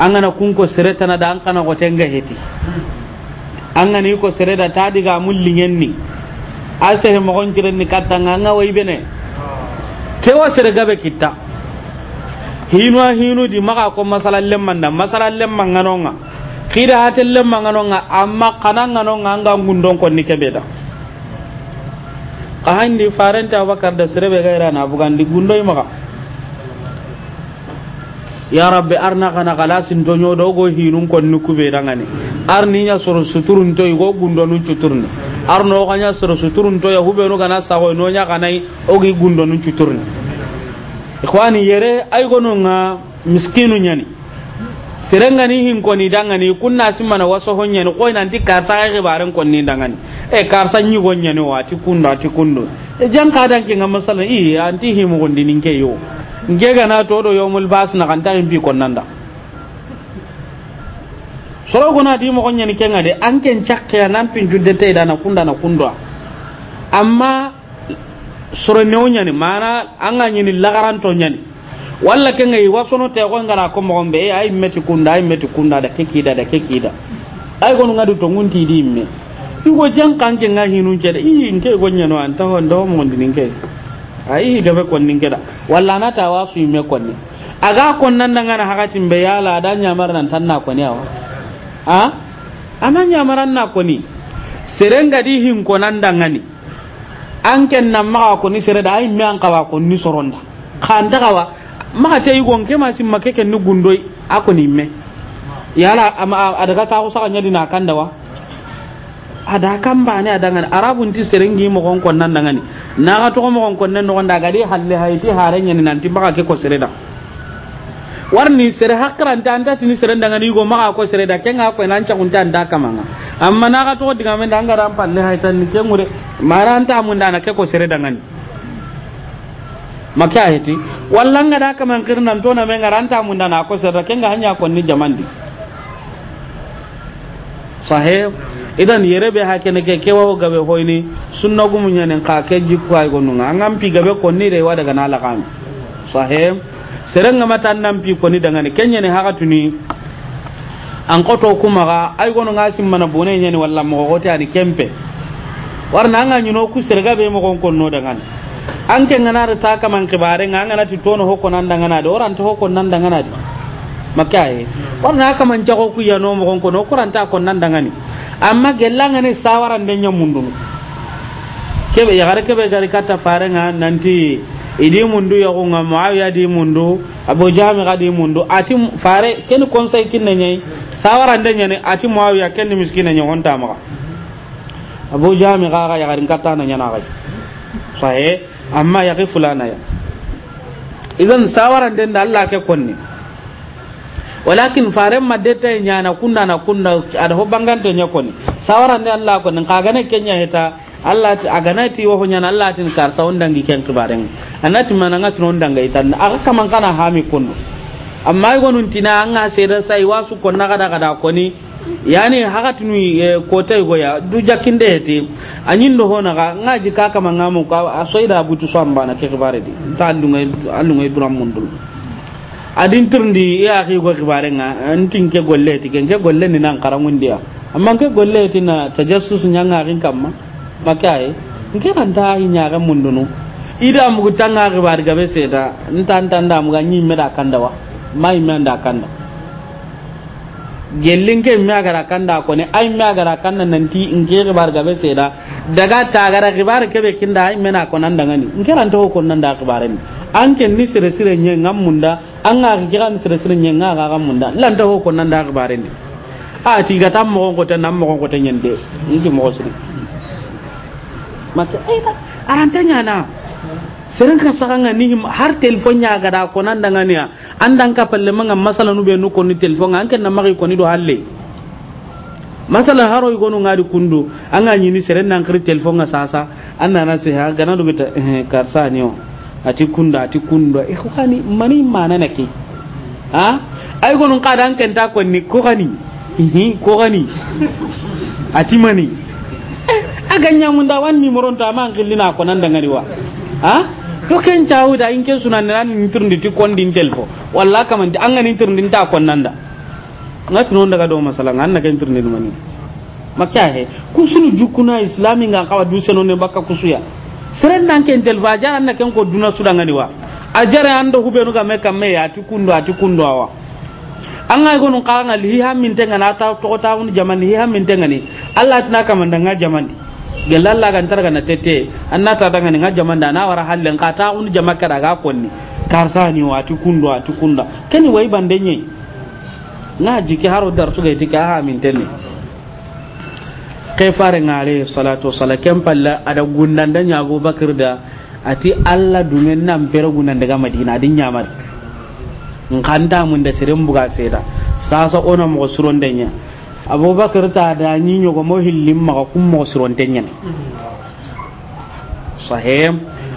an gana ko sere tana da an kana ko tenga heti an gana ko sere da ta diga mullingen ni a he mo gonkiren ni katta nganga wai bene ke wa sere gabe kitta hinu hinu di maka ko masalan lemman da masalan lemman nganonga kida hatin lemman nganonga amma kanan nganonga anga ngundon ko ni kebe da ka handi faranta bakar da sere be gaira na bugandi gundo maka ya rabbi arna kana galasin to do go hinun kon nu kube dangane arni nya soro suturun to go gundo nu cuturne arno ga nya soro suturun to ya hube no kana sago no nya kanai ogi gundo nu cuturne ikhwani yere ay gono nga miskinu nyani serengani hin koni ni kunna simana waso honya ni koina ndi karsa ga gibaren konni ni e karsa nyi gonya ni wati kundo ati kunno e jang ka dan kinga masala i anti himu gondi ninke yo nge ga na to do yomul bas na kan tan bi konnanda soro gona di mo gonya ni kenga de an ken chakya nan pin judde te dana kunda na kundo amma soro ne onya ni mana an ga ni lagaran nyani walla ke ngai wasono te ko ngara ko mo gombe eh, ay meti kunda ay meti kunda da ke da da ke da ay gonu ngadu to ngunti di me go jang kanke ngai hinun ke da i nke go nyano an ta do mo ndi nke ay ah, da be kon ninke da walla na ta wasu me kon ni aga kon nan da ngana haka timbe yala da mar nan tanna ko ne awa a ah? anan nyamaran na ko ni serenga di hin ko nan da ngani an ken nan ma ko ni sere da ay me an kawa ko ni soronda kan da kawa maka ta yi nke masin make ken ni gundoi ako ni me yala ama adaga ta kusa kan nyadi na kanda wa ada kan ba ne adangan arabun ti serengi mo kon kon nan dangani na ga to mo kon kon nan no daga di halle haiti haren yani nan ti timba ke ko sereda warni sere hakran ta anda tini sere dangani go maka ko sereda kenga ko nan cha kunta anda kamanga amma na ga to diga men danga ram palle haitan ni kengure maranta mun dana ke ko sereda ngani maka heti wallan ga da kaman nan to na men garanta mun na ko sirra kenga hanya ko ni jamandi sahe idan yere be hake ne ke kewa gabe hoyni sunna gumu nyanen ka ke jikku ay gonunga angam pi gabe ko ni rewa daga na lakan sahe serenga mata nan pi ko ni daga ne kenya ne haka tuni an koto kuma ga ay nga sim mana bone nyane walla mo gote ani kempe warna anga nyuno ku serga be mo gon konno daga ne an ke ngana ta kaman kibare ngana ti tono hokko nan daga na de oran to hokko nan daga na de makaye warna aka man jago ku ya no mo ko no kuran ta kon nan daga ni amma gellanga ne sawaran de nyamundun kebe ya gare kebe gare kata nga nanti idi mundu ya ko ngam ya di mundu abu jami ga di mundu ati fare ken konsai ne. nyai sawaran de nyane ati muawiya ken miskina nyai honta ma abu jami ga ga ya gare kata na nyana ga sahe amma ya ki fulana ya idan sawaran da Allah ke konni walakin faren madeta nya na kunna na kunna ada ho bangante nya konni sawaran da Allah konni ka ne kenya heta Allah ta agana ti wo nya Allah tin kar sa undang gi ken kibareng anati mananga tin undang ga itan aga kaman kana hami kunno amma yi gonun tina anga seda sai wasu konna kada kada koni yani hakatinu e, kotai goya du jakinde heti anyin do hona ga ngaji kaka mangamu ka asoida butu samba na kekbare di tallunga allunga ibram mundul adin turndi ya e, ki go kibare nga antin ke golle ti ke golle ni nan karangun dia amma ke golle ti na tajassus nyanga rin kamma makai nke kan ta yi nyaga mundunu ida mu tanga kibare gabe seta ntan tanda mu ga nyi da kandawa mai men da kandawa gellinke mi agara kanda ko ne ay mi agara kanda ti inge ribar gabe seda daga ta agara ribar kebe kinda ay mena ko nan dangani inke ran to ko nan da ribaren an ken ni sire sire nyen ngam munda an ga kiran sire sire nyen ga ga munda lan to ko nan da ribaren a ti ga tam mo ko tan mo ko tan de inke mo sire maka ay arantanya na seren ka saganga ni har telefon nya ga da konan da ngani ya andan ka palle manga masala nu be nu ko ni telefon an ken na mari ko ni do halle masala haro go nu ngari kundu an ga ni seren nan kri telefon ga sasa an na na se ha ga na do bita eh, karsa ni o ati kunda ati kunda e eh, ko kani mani mana na ke ha ai go nu kada an ken ta ko ni ko kani ihi ko kani ati mani eh, aga nyamun da wan mi moronta ma an ngilina ko nan da ngari wa ha to ken chawu da in ke sunan nan ni tirndi ti kondin telfo walla kaman an ga ta kon ta konnanda ngati non daga do masala ngan na ken tirndi mani makya he kusulu jukuna islami nga kawa du non ne baka kusuya seren nan ken a jaran na ken ko duna sudan ngani wa a ajare ando hubenu ga meka me ya ti kundo ati kundo awa an ga gonu kala ngal hi ha min tenga na ta to ta won jamani hi ha min tenga ni allah tina kamanda nga jamani gella Allah kan targa na tete anna ta daga nga ngajja manda na wara hallen ka ta un jama kada ga konni tarsa ni wati kundo wati kunda kani wai bandenye na jiki haro dar su ga tika ha min tenne kai fare ngare salatu sala kan palla ada gundan da nyago bakir da ati alla dumen nan pere gundan daga Madina din nyamar ngkanda mun da sirin buga seda sasa ona mo suron denya abubakar ta da ni nyogo mo hillim ma kum mo suron tenyen sahih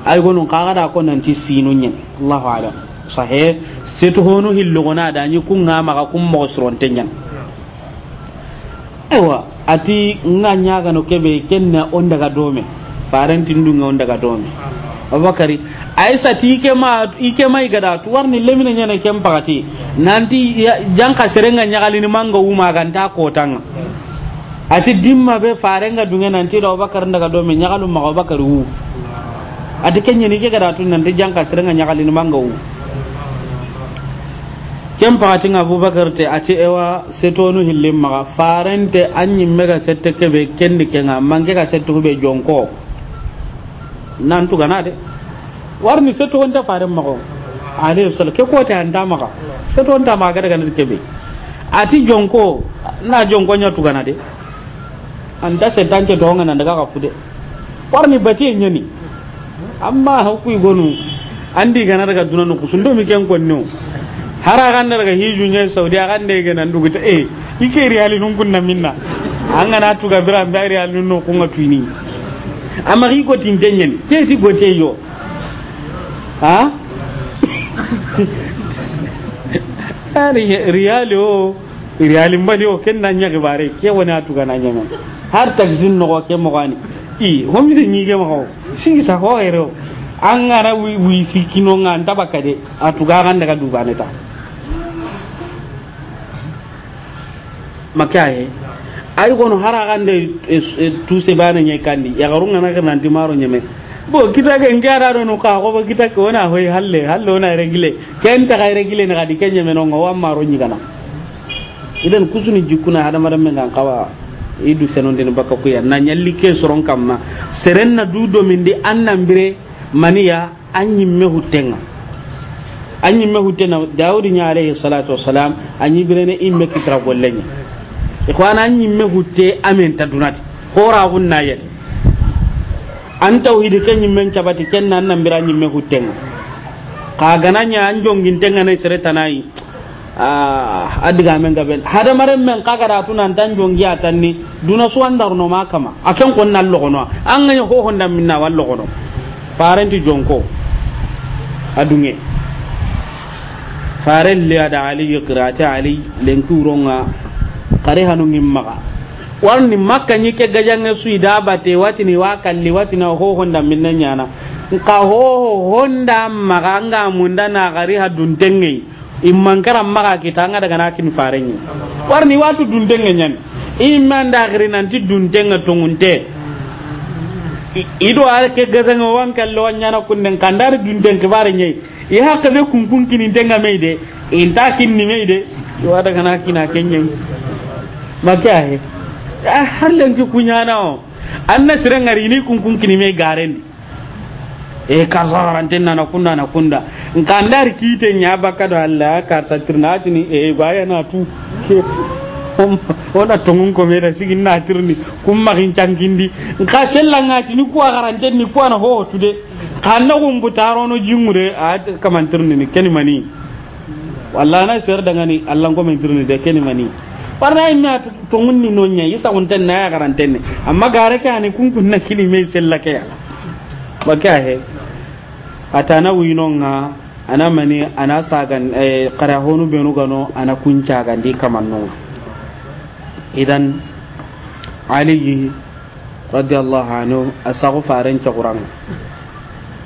ay gonu kaga da ko nan ti sinun nyen Allahu alam sahih setu honu hillugona da ni kun ga ma kum mo suron tenyen ewa ati nga nyaga no kebe kenna on daga dome parentin dunga on daga dome abubakari aisa ti ike ma ike mai gada tu warni lemina na kem pakati nanti janka serenga nyagali ni manga uma ganta kotanga ati dimma be farenga dunga nanti da abubakar daga do me nyagalu ma abubakar wu ati kenye ni ke gada tu nanti janka serenga nyagali ni manga wu kem pakatin abubakar te a ce ewa setonu hillin maga farente an yi mega sette kebe kendi kenga manke ka sette kube jonko nan tu gana de warni seto wanda fare mako alayhi sallam ke ko ta anda maka seto wonta maga daga nan kebe ati jonko na jonko nya tu gana de anda se danke do ngana daga ka fude warni bati nyani amma hakku gonu andi gana daga dunan ku sundo mi ken konno hara kan daga hiju nya saudi gan de gana ndugu ta eh ike riyalin nun kunna minna an gana tu ga bira bari riyali nun kunga tuini amari ko tinjenyen ke ti gote yo ha riyali o oh. riyali mbani o oh, ken nan nyagi bare ke woni atuga nan nyama har taksin no ke mo gani i homi se nyige mo singi sa ho ero oh. an ngara wi wi sikino ngan tabaka de atuga kan daga dubane ta makaye eh. ay gono eh, eh, tu se bana nye kandi ya garunga na kan nanti maro nyeme bo kita ke ngara do no ka ko bo kita ko na hoy halle halle ona regile ken ta ga regile na di kenye meno wa maro nyi kana idan kusuni jikuna hada maram men kan kawa idu senon den baka ku ya na nyalli ke soron kamma na du do min di bire maniya anyi hutenga anyi hutena daudi nya alayhi salatu wassalam anyi ne imme kitra gollenya ikwana nyimme hutte amen ta dunati hora hunna yet an tauhidi ken nyimme cabati ken nan nan bira nyimme hutte ka gananya an jongin tenga ne sere tanai ah, a men gaben hada maren men kaga da tunan tan jongi atanni duna su dar no makama akan konna nan logono an ganyo ho honda minna wal logono parenti jonko adunge faren le da ali qira'ati ali lenkuronga kare hanu ngi maga warni makka ni ke gajange sui da bate watini wa wati na ho honda minna nyana nka ho honda maga nga munda na gari ha duntenge imman karam maga kita nga daga nakin farenye warni watu duntenge nyani imman da gari ti duntenge tungunte ido ar ke gajanga wan kallo nyana kunden kandar duntenge farenye ya haka be kunkun kinin denga meide inta ni meide wa daga na nakina kenyen makahe har lanki kunyana o anna siren ngari ni kun kun kini me garen e karsa ranten na kunda na kunda nkandar kite nya baka do Allah karsa tirna ni e baya na tu ke ona tongun ko me da sigin na tirni kun ma hin cangindi nka sella ngati ni kuwa garanten ni kuwa na ho tude kanna kun butaro no jingure a kamantirni ni kenimani wallahi na sir daga ni Allah ko men tirni de kenimani warna imma to ngunni nya isa unten na garantenne amma gare ka ani kun kunna kili me sella ke ka he atana nga ana mani ana sagan eh, qara honu benu gano ana kunca ga ndi kamanno idan ali radiyallahu anhu asagu faran ta qur'an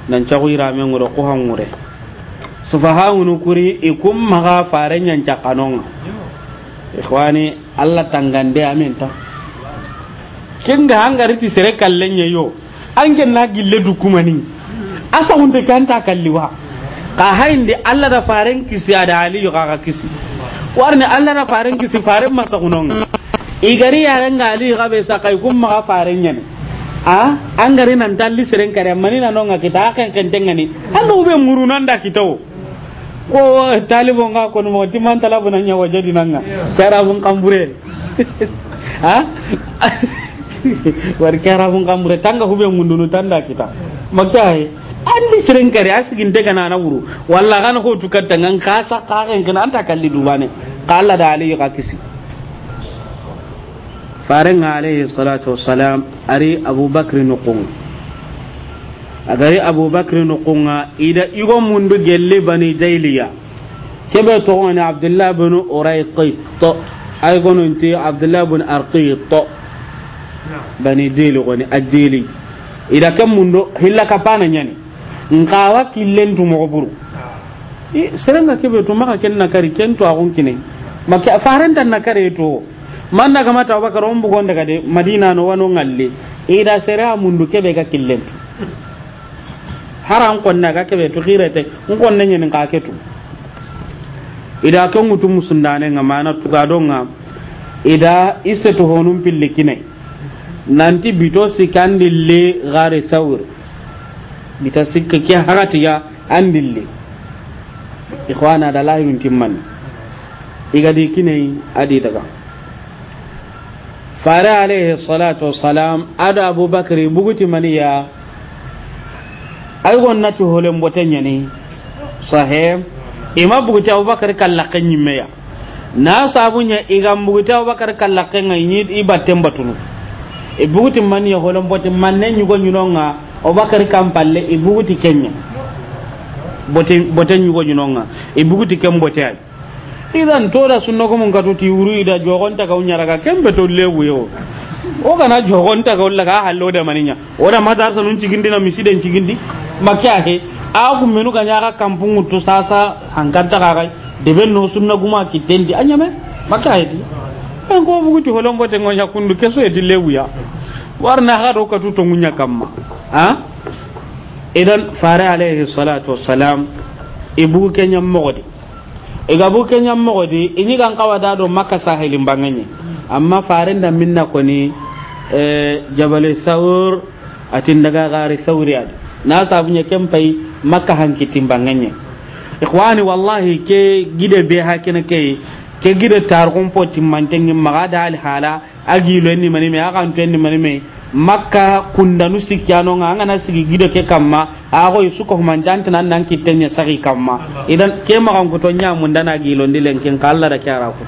nan ta guira men ngure ko hanure sufaha unu kuri ikum maga faran yan ta kanon ikhwani allah tangande amenta kenga hangariti sere kallenye an ange na gille dukumani asa hunde kanta kalliwa ka hayndi allah da faren kisi ada yo kaka kisi warne allah da faren kisi faren masa kunonga igari yaren ga aliyu sa sakai kuma ma faren yana a an gari nan dalli sere kare mani na ga kita akan kentengani allah ube murunan da kitao ko talibo nga ko mo timan talabu nanya wajadi nanga cara bun kambure ha war cara bun kambure tanga hube mundunu tanda kita makai andi sirin kare asigin daga na na wuru walla kana ko tukar dangan kasa karen kana anta kalli dubane qala da ali ka kisi faran alayhi salatu wassalam ari abubakar nuqum agari abubakar nukunga ida igo mundu gelli bani jayliya kebe togoni abdullah bin urayqit ay gononti abdullah bin arqit bani jayli goni ajili ida kam mundu hilla kapana nyani nkawa killentu mogoburu serenga kebe to maka kenna kari kentu agun ma maka faranta na kare to man daga mata abubakar on bugon daga de madina nu wano ngalle ida sera mundu kebe ga killentu haran konna ga kebe to khirete ngonne nyen ka ketu ida ka mutum musundane nga mana do nga ida ise to honum pilli kine nanti bito sikandille gare sawr bita sikke ke ya andille ikhwana da lahirun timman di kine adi daga fara alaihi salatu wassalam ada abubakar buguti maniya ai gonna ti holen botenya ni sahem ima bugita abubakar kallakan yimme ya na sabunya igam bugita abubakar kallakan ngai i batem batunu e buguti man ya holen botin man ne nyugo nyunonga abubakar kampalle e buguti kenya Bote boten nyugo nyunonga e buguti kem ay idan to da sunno ko mun gato ti wuri da jogon ta kaunya raga kembe to lewu yo o gana jogon ta golla ga hallo da maninya o da mata sanun cigindi na cikin cigindi makya he a ku menu ga nyaka kampung utu sasa hankanta ga kai de ben no sunna guma ki kitendi anyame makya he di en ko bu ti e holongo te ngonya kundu keso e dilewuya warna ha do ka tuto ngunya kamma ha idan fare alaihi salatu wassalam ibu kenya mogodi ega bu kenya mogodi inyi kan kawada do makka sahilin banganye amma farin da minna ni e, jabal saur atin daga gari sauri ad na sabu nya kempai makka hankitin banganye ikhwani wallahi ke gide be hakina ke ke gida tar kun po timmantengi maga da al hala agi lo ni mani me aka to ni mani me makka kundanu sikyano nga ngana sigi gida ke kamma ago isu ko man jante nan nan kitenya sagi kamma idan ke magan ngoto to nya mun dana ndilen kyara ko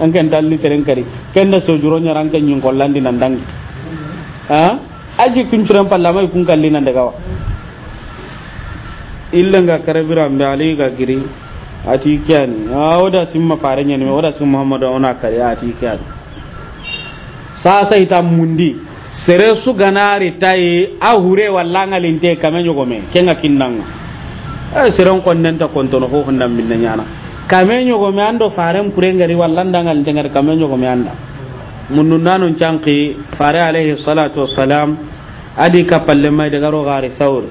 an kan talli seren kari ken da sojuro nya ran kan yin kollandi nan dangi ha aji kun palla pallama kun kalli nan daga wa illa ga karabira mbi ali ga giri ati kyani ma simma farenya ne oda sim muhammad ona kare ati kyani sai ta mundi sere su ganari tayi a hure walla ngalinte kame nyogome kenga kinnanga eh, sere on konnen ta kontono ho hunna minna nyana kame nyogo me ando faren kurengari wallanda ngal dengar kame ko mi anda munnu nanun canki fare alaihi salatu wassalam adi kapalle mai daga ro gari thawr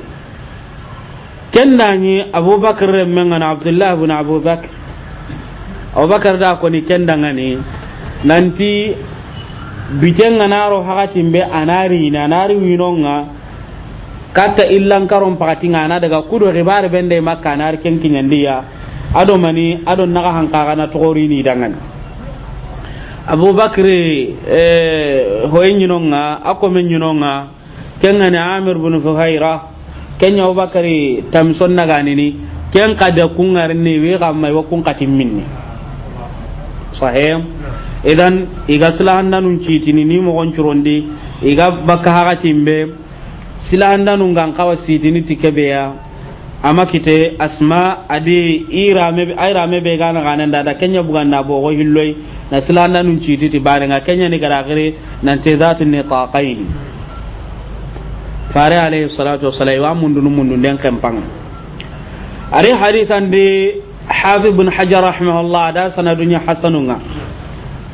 kendani abubakar men ngana abdullah ibn abubakar abubakar da ko ni kendangani nanti biten nganaro hakatin be anari na winonga kata illan karon pakati na daga kudo ribare bende makka anar kenkinya ndiya ado mani ado naga hankaga na togori ni dangan abubakar eh hoye nga akome nyinonga kenga ni amir bin fuhaira kenya tam tamson naga ni ken kada kungar ni wi gamma wa kun katim minni sahem idan iga silahandanun citini ni mogon curondi iga bakka hakatimbe silahandanun gan kawa sitini ti kebeya amma kite asma adi irame irame be gana gana da da kenya buganda bo go hilloi na silanda nun citi ti bare nga kenya ni gara gari nan te zatu ni taqain fare alayhi salatu wassalamu wa mundu mundu den kampang ari hadithan di hafi bin hajar rahimahullah da sanadunya hasanunga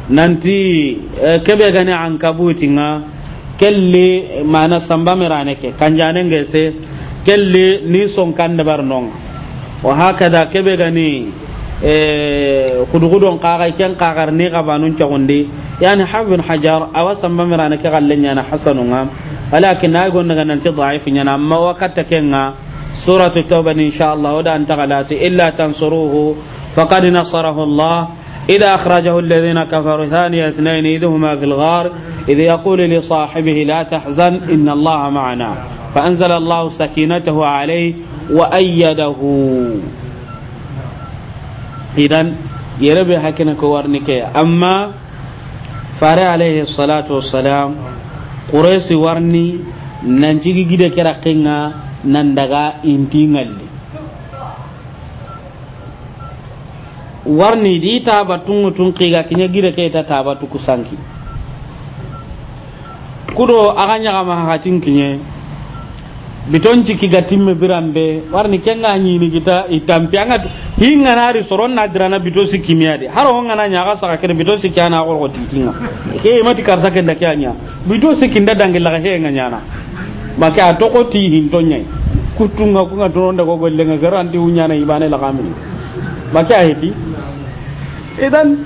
nanti eh, kebe gani an kabuti nga kelle mana samba merane ke kanjane ngese kelle ni son kan bar non wa hakada kebe gani eh kudugudon qaga ken qagar ni qabanun chagonde yani habun hajar awasan mirana ke kallen yana hasanun am walakin na gon daga nan ti da'if yana amma wakata kenga suratu tauba insha Allah wada anta galati illa tansuruhu faqad nasarahu Allah إذا أخرجه الذين كفروا ثاني اثنين إذ هما في الغار إذ يقول لصاحبه لا تحزن إن الله معنا wa'anzala lahu saki na tafi alai wa ayyadahu idan yadda bai haki daga kawar ni amma fari alehi salatu wa salam ƙurevisi nan ciki gida kira kiɲa nan daga in tiɲali wari ni i ta ba tungu tun kiɲa kiɲa gida kai ta ta ba dukki sanki kuɗo aka yi biton ciki ga timme birambe warni kenga nyini kita itampi anga hinga nari soron na dirana bito sikimiya de haro honga na nyaga saka kene bito sikana ko ko tintinga ke mati karsa ken da kyanya bito sikinda dangi laga he nga nyana baki atoko ti hintonya kutunga kunga tononda ko golle nga zero anti unyana ibane laga min baki ahiti idan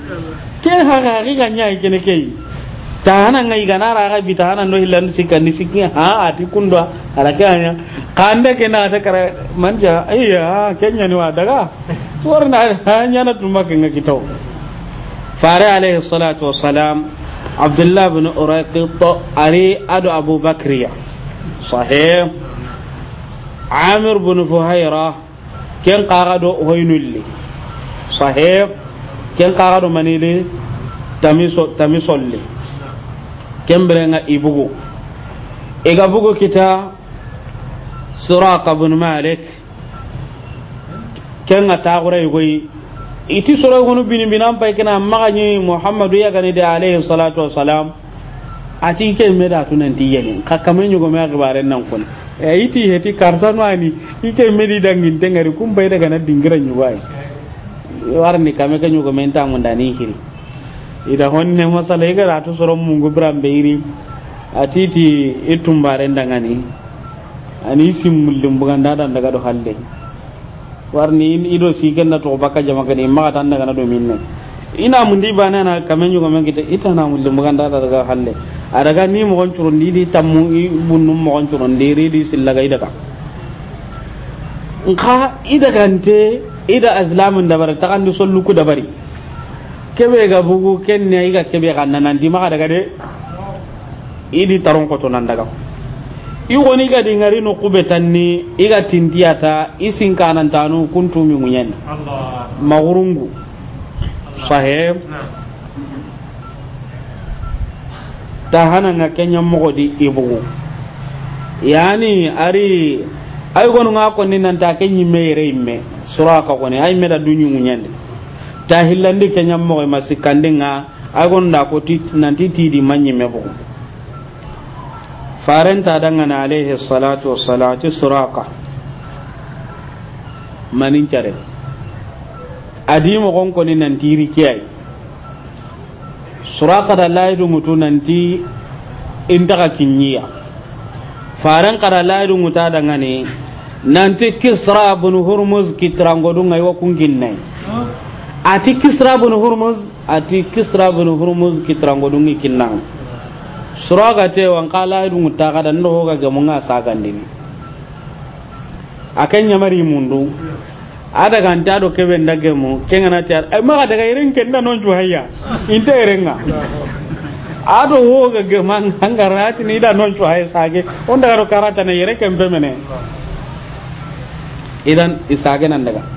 ke haga ga nyai kene kei tahana ngai gana raga bi tahana no hillan sikka ni sikki ha ati kundwa kanya kande ke na ta kare manja ayya kenya ni hanya na ke fare alaihi salatu wassalam abdullah ibn uraqit ari adu sahih amir ibn fuhaira ken qarado hoynulli sahih ken qarado manili tamiso tamisolli nga ibugu ega bugu kita suraqa bun malik kenga tagura yugoyi iti soro gonu bin binan pai kana magani muhammadu ya gani da alayhi salatu wassalam ati ke meda tunan tunan tiyani kakkamen yugo me akbaren nan kun e iti heti karsan wani ike me di dangin tengari kun bai daga na dingiran yugo ai warni kame ka yugo men ta mun dani hiri ida honne masala iga ratu soron mun gubran beiri atiti itumbaren dangani ani simmullin bugan dadan daga do halle warni ido sigen na to baka jama kadi ma tan daga na do minne ina mun di bana na kamen yugo men kita ita na mullin bugan dadan daga halle adaga ni mo gon turon di tammu bunum mo gon turon di ri di sillaga ida ka nka ida gante ida azlamun dabari takandi solluku dabari kebe ga bugu ken ne iga kebe ga nan di ma daga de idi taron ko to nan daga i woni ga di ngari no kube tanni iga tindiyata isin kanan tanu kuntu mi munyen Allah magurungu sahib tahana nga kenya mogo di ibugu yani ari ay gonu nga ko ni nan ta kenyi me imme sura ka ko ay tahillandi kenya mogo ma sikkandi nga agon da ko nanti tidi manyi me bugu farenta dangana alaihi salatu wassalam ti suraka manin care adi mogon ni nanti ri kiyai suraka da laidu mutu nanti intaka kinyiya faren kada laidu muta dangane nanti kisra bin hurmuz kitrangodun aiwa kungin nai ati kisra bin hurmuz ati kisra bin hurmuz kitrango dungi kinna suraga te wan kala dun ta kada ndo hoga ga munga sagandini akan mari mundu ada kan ta do kebe ndage mu kenga na tar ai eh, maga daga irin kenda non ju hayya inte irenga ado hoga ga man hangarati ni da non ju hayya sage onda karo karata na yere kembe mene idan isage nan daga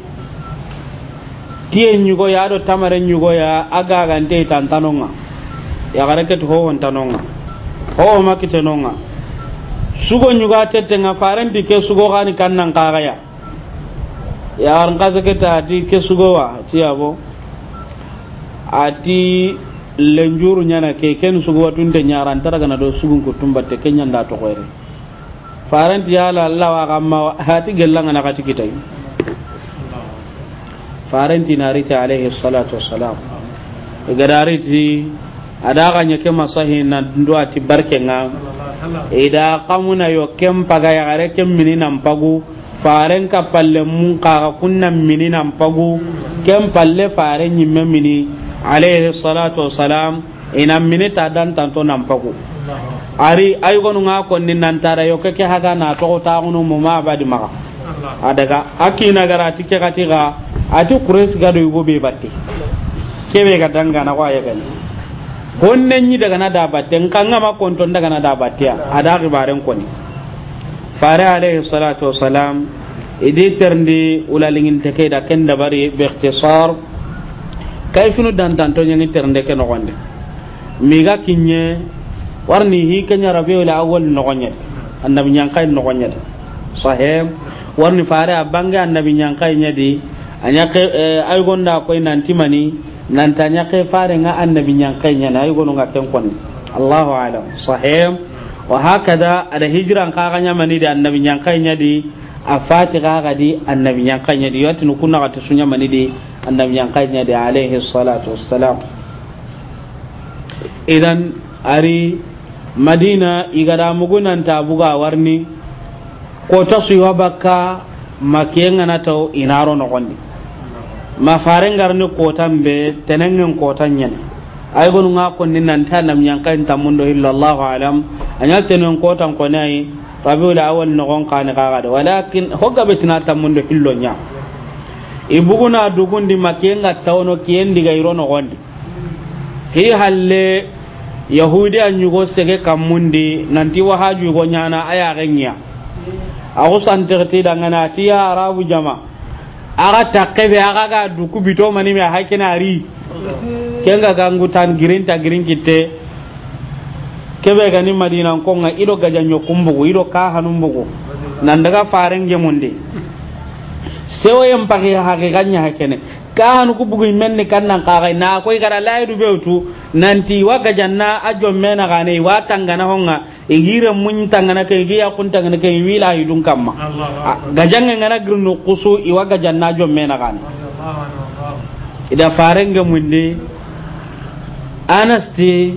tiye nyugo ya do tamare nyugo ya aga ga tan tantanonga ya garake to ho tanonga ho makite nonga sugo nyugo tete nga faran di ke sugo gani kannan kagaya ya garan kaza ke ta di ke sugo wa tiyabo ati lenjuru nyana ke ken sugo watun de nyaran tara gana do sugun ko tumbatte kenya nda to gore faran ti yala Allah wa gamma hati gelanga na kati kitai na rita alaihi salatu wassalam dariti a daga ke masahi na ti ati barkenga ida kamuna yo kem paga ya gare kem mini nan pagu faren ka palle mun ka kunna mini nan pagu kem palle faren yi mini alaihi salatu wassalam ina mini ta dan tanto nan pagu ari ayu gonu nga ko nin nan tara yo keke haga na to ta gonu mu ma badi maka adaga akina garati ke katiga ati quraysh ga do yugo be batte kebe ga danga na ya gani honne yi daga na da batte kanga ma konton daga na da batte a ada gibaren ko ni fara alayhi salatu wassalam idi terndi ulalingin te keda ken dabari be ikhtisar kayfinu dan tanto nyangi ternde ke mi ga kinye warni hi kenya rabiul awwal nogonye annabi nyankay nogonye sahem warni a abange annabi nyankay nyadi anya ke eh, ay gonda koy nan timani nan tanya ke fare nga annabi nyan kay nyana ay gonu nga ken kon Allahu alam sahih wa hakada ada hijran ka ganya mani da annabi nyan kay nya di afati ka ga di annabi nyan kay nya di yati nu kunna ka sunya mani di annabi nyan kay nya di alaihi salatu wassalam idan ari madina igada mugunan tabuga warni ko ta suwa bakka makenga na taw inaro no gondi ma faren garni kotan be tenengen kotan yen ay gonu nga ko nin nan ta nam yan kan tamundo illallahu alam anya tenen kotan ko nay rabiul awal no gon kan ka ga walakin hogga betina tamundo hillonya ibuguna dugundi makenga tawno kiyendi ga irono gondi ki halle yahudi an yugo sege kammundi nanti wahaju go nyana aya genya awu santerti dangana tiya arabu jama' aga takkebe aga ga duku bito mani me hakina ri kenga gangu tan girin ta girin kitte kebe gani madina konga ido gajanyo ko ido ka hanumbugo nan daga faren gemunde sewo yam pake hakikanya hakene kan ku bugu men ni kan nan kaga na koy gara du beutu nanti waga janna ajo mena gane wa tangana honga igire mun tangana kay giya kun tangana ke wila dun kamma ah, gajanga ngana girnu kusu iwaga janna ajo mena gane ida farenga munde anasti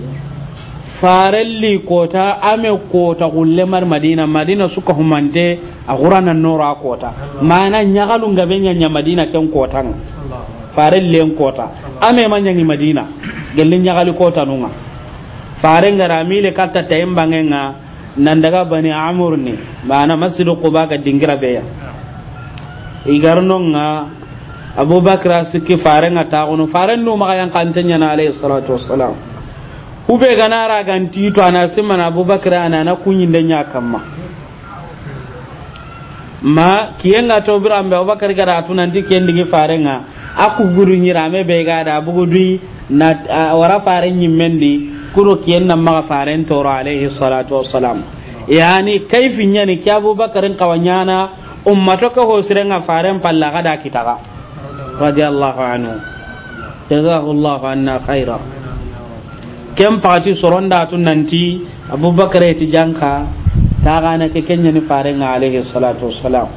farelli kota ame kota gulle mar madina madina suka humante a qur'anan nora kota mana nyagalu ngabe nya madina ken kotanga faren len kota ame manyangi madina gelin nyagali kota nunga faren gara mile katta tayin bangenga nan daga bani amur ne mana masjidu quba ga dingira beya igarnonga abubakar sikki faren ata onu faren no maka yan kantanya na alayhi salatu wassalam ube ganara ganti to ana na abubakar ana na kunyin ya kamma ma kiyenga to birambe abubakar gara tunan diken digi farenga aku guru nyirame be ga da bugu dui na wara fare nyimmendi kuro kiyen na maga fare toro alaihi salatu wassalam yani kaifi nyani ki abubakarin kawanyana ummato ka nga faren palla gada kitaka radiyallahu anhu jazakallahu anna khaira kem pati soronda tun nanti abubakar ti janka ta gana ke kenya ni faren alaihi salatu wassalam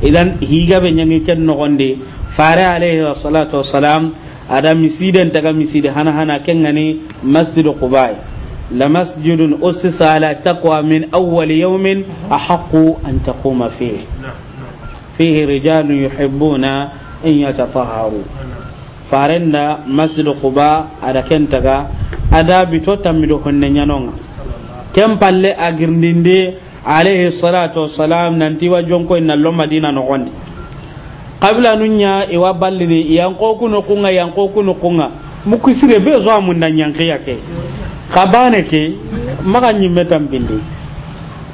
idan higa be nyangi ken no gonde fare alaihi salatu salam ada misidan daga misidi hana hana kengani masjidu quba la masjidun ussisa ala taqwa min awwal yawmin ahaqqu an taquma fihi fihi rijalun yuhibbuna an yatatahharu farenda masjidu quba ada kentaga ada bito tammido honne nyanonga kem palle agirndinde alaihi salatu wassalam nanti wa jonko inna lo madina no gondi qabla nunya iwa ballini yan kokuno kunga yan kokuno kunga muku sire be zo amun nan yan kiya ke kabane ke maka nyimme tambindi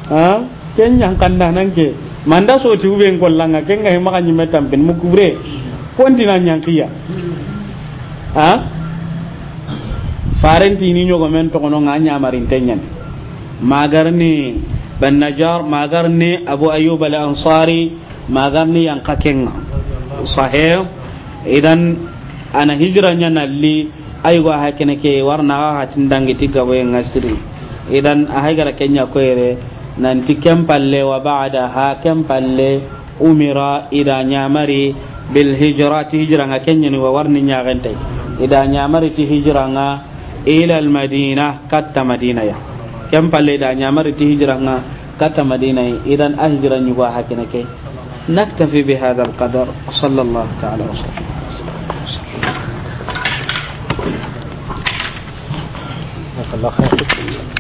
ha ken yan kanda nan ke manda so ti ube ngollanga ken ga maka nyimme tambin muku bre kondi nan yan ya ha farenti ni nyogo men to kono nga nya nyamarin tenyan magarni ban najar ni abu ayyub al ansari magarni yang kakenga idan ana hijranya nalli aywa hakene ke warna hatin idan a kenya nan ti wa ba'da ha umira ida nyamari bil hijrati kenya wa ti madina katta madina ya kempalle ida ti katta madina idan a نكتفي بهذا القدر صلى الله تعالى وسلم الله خير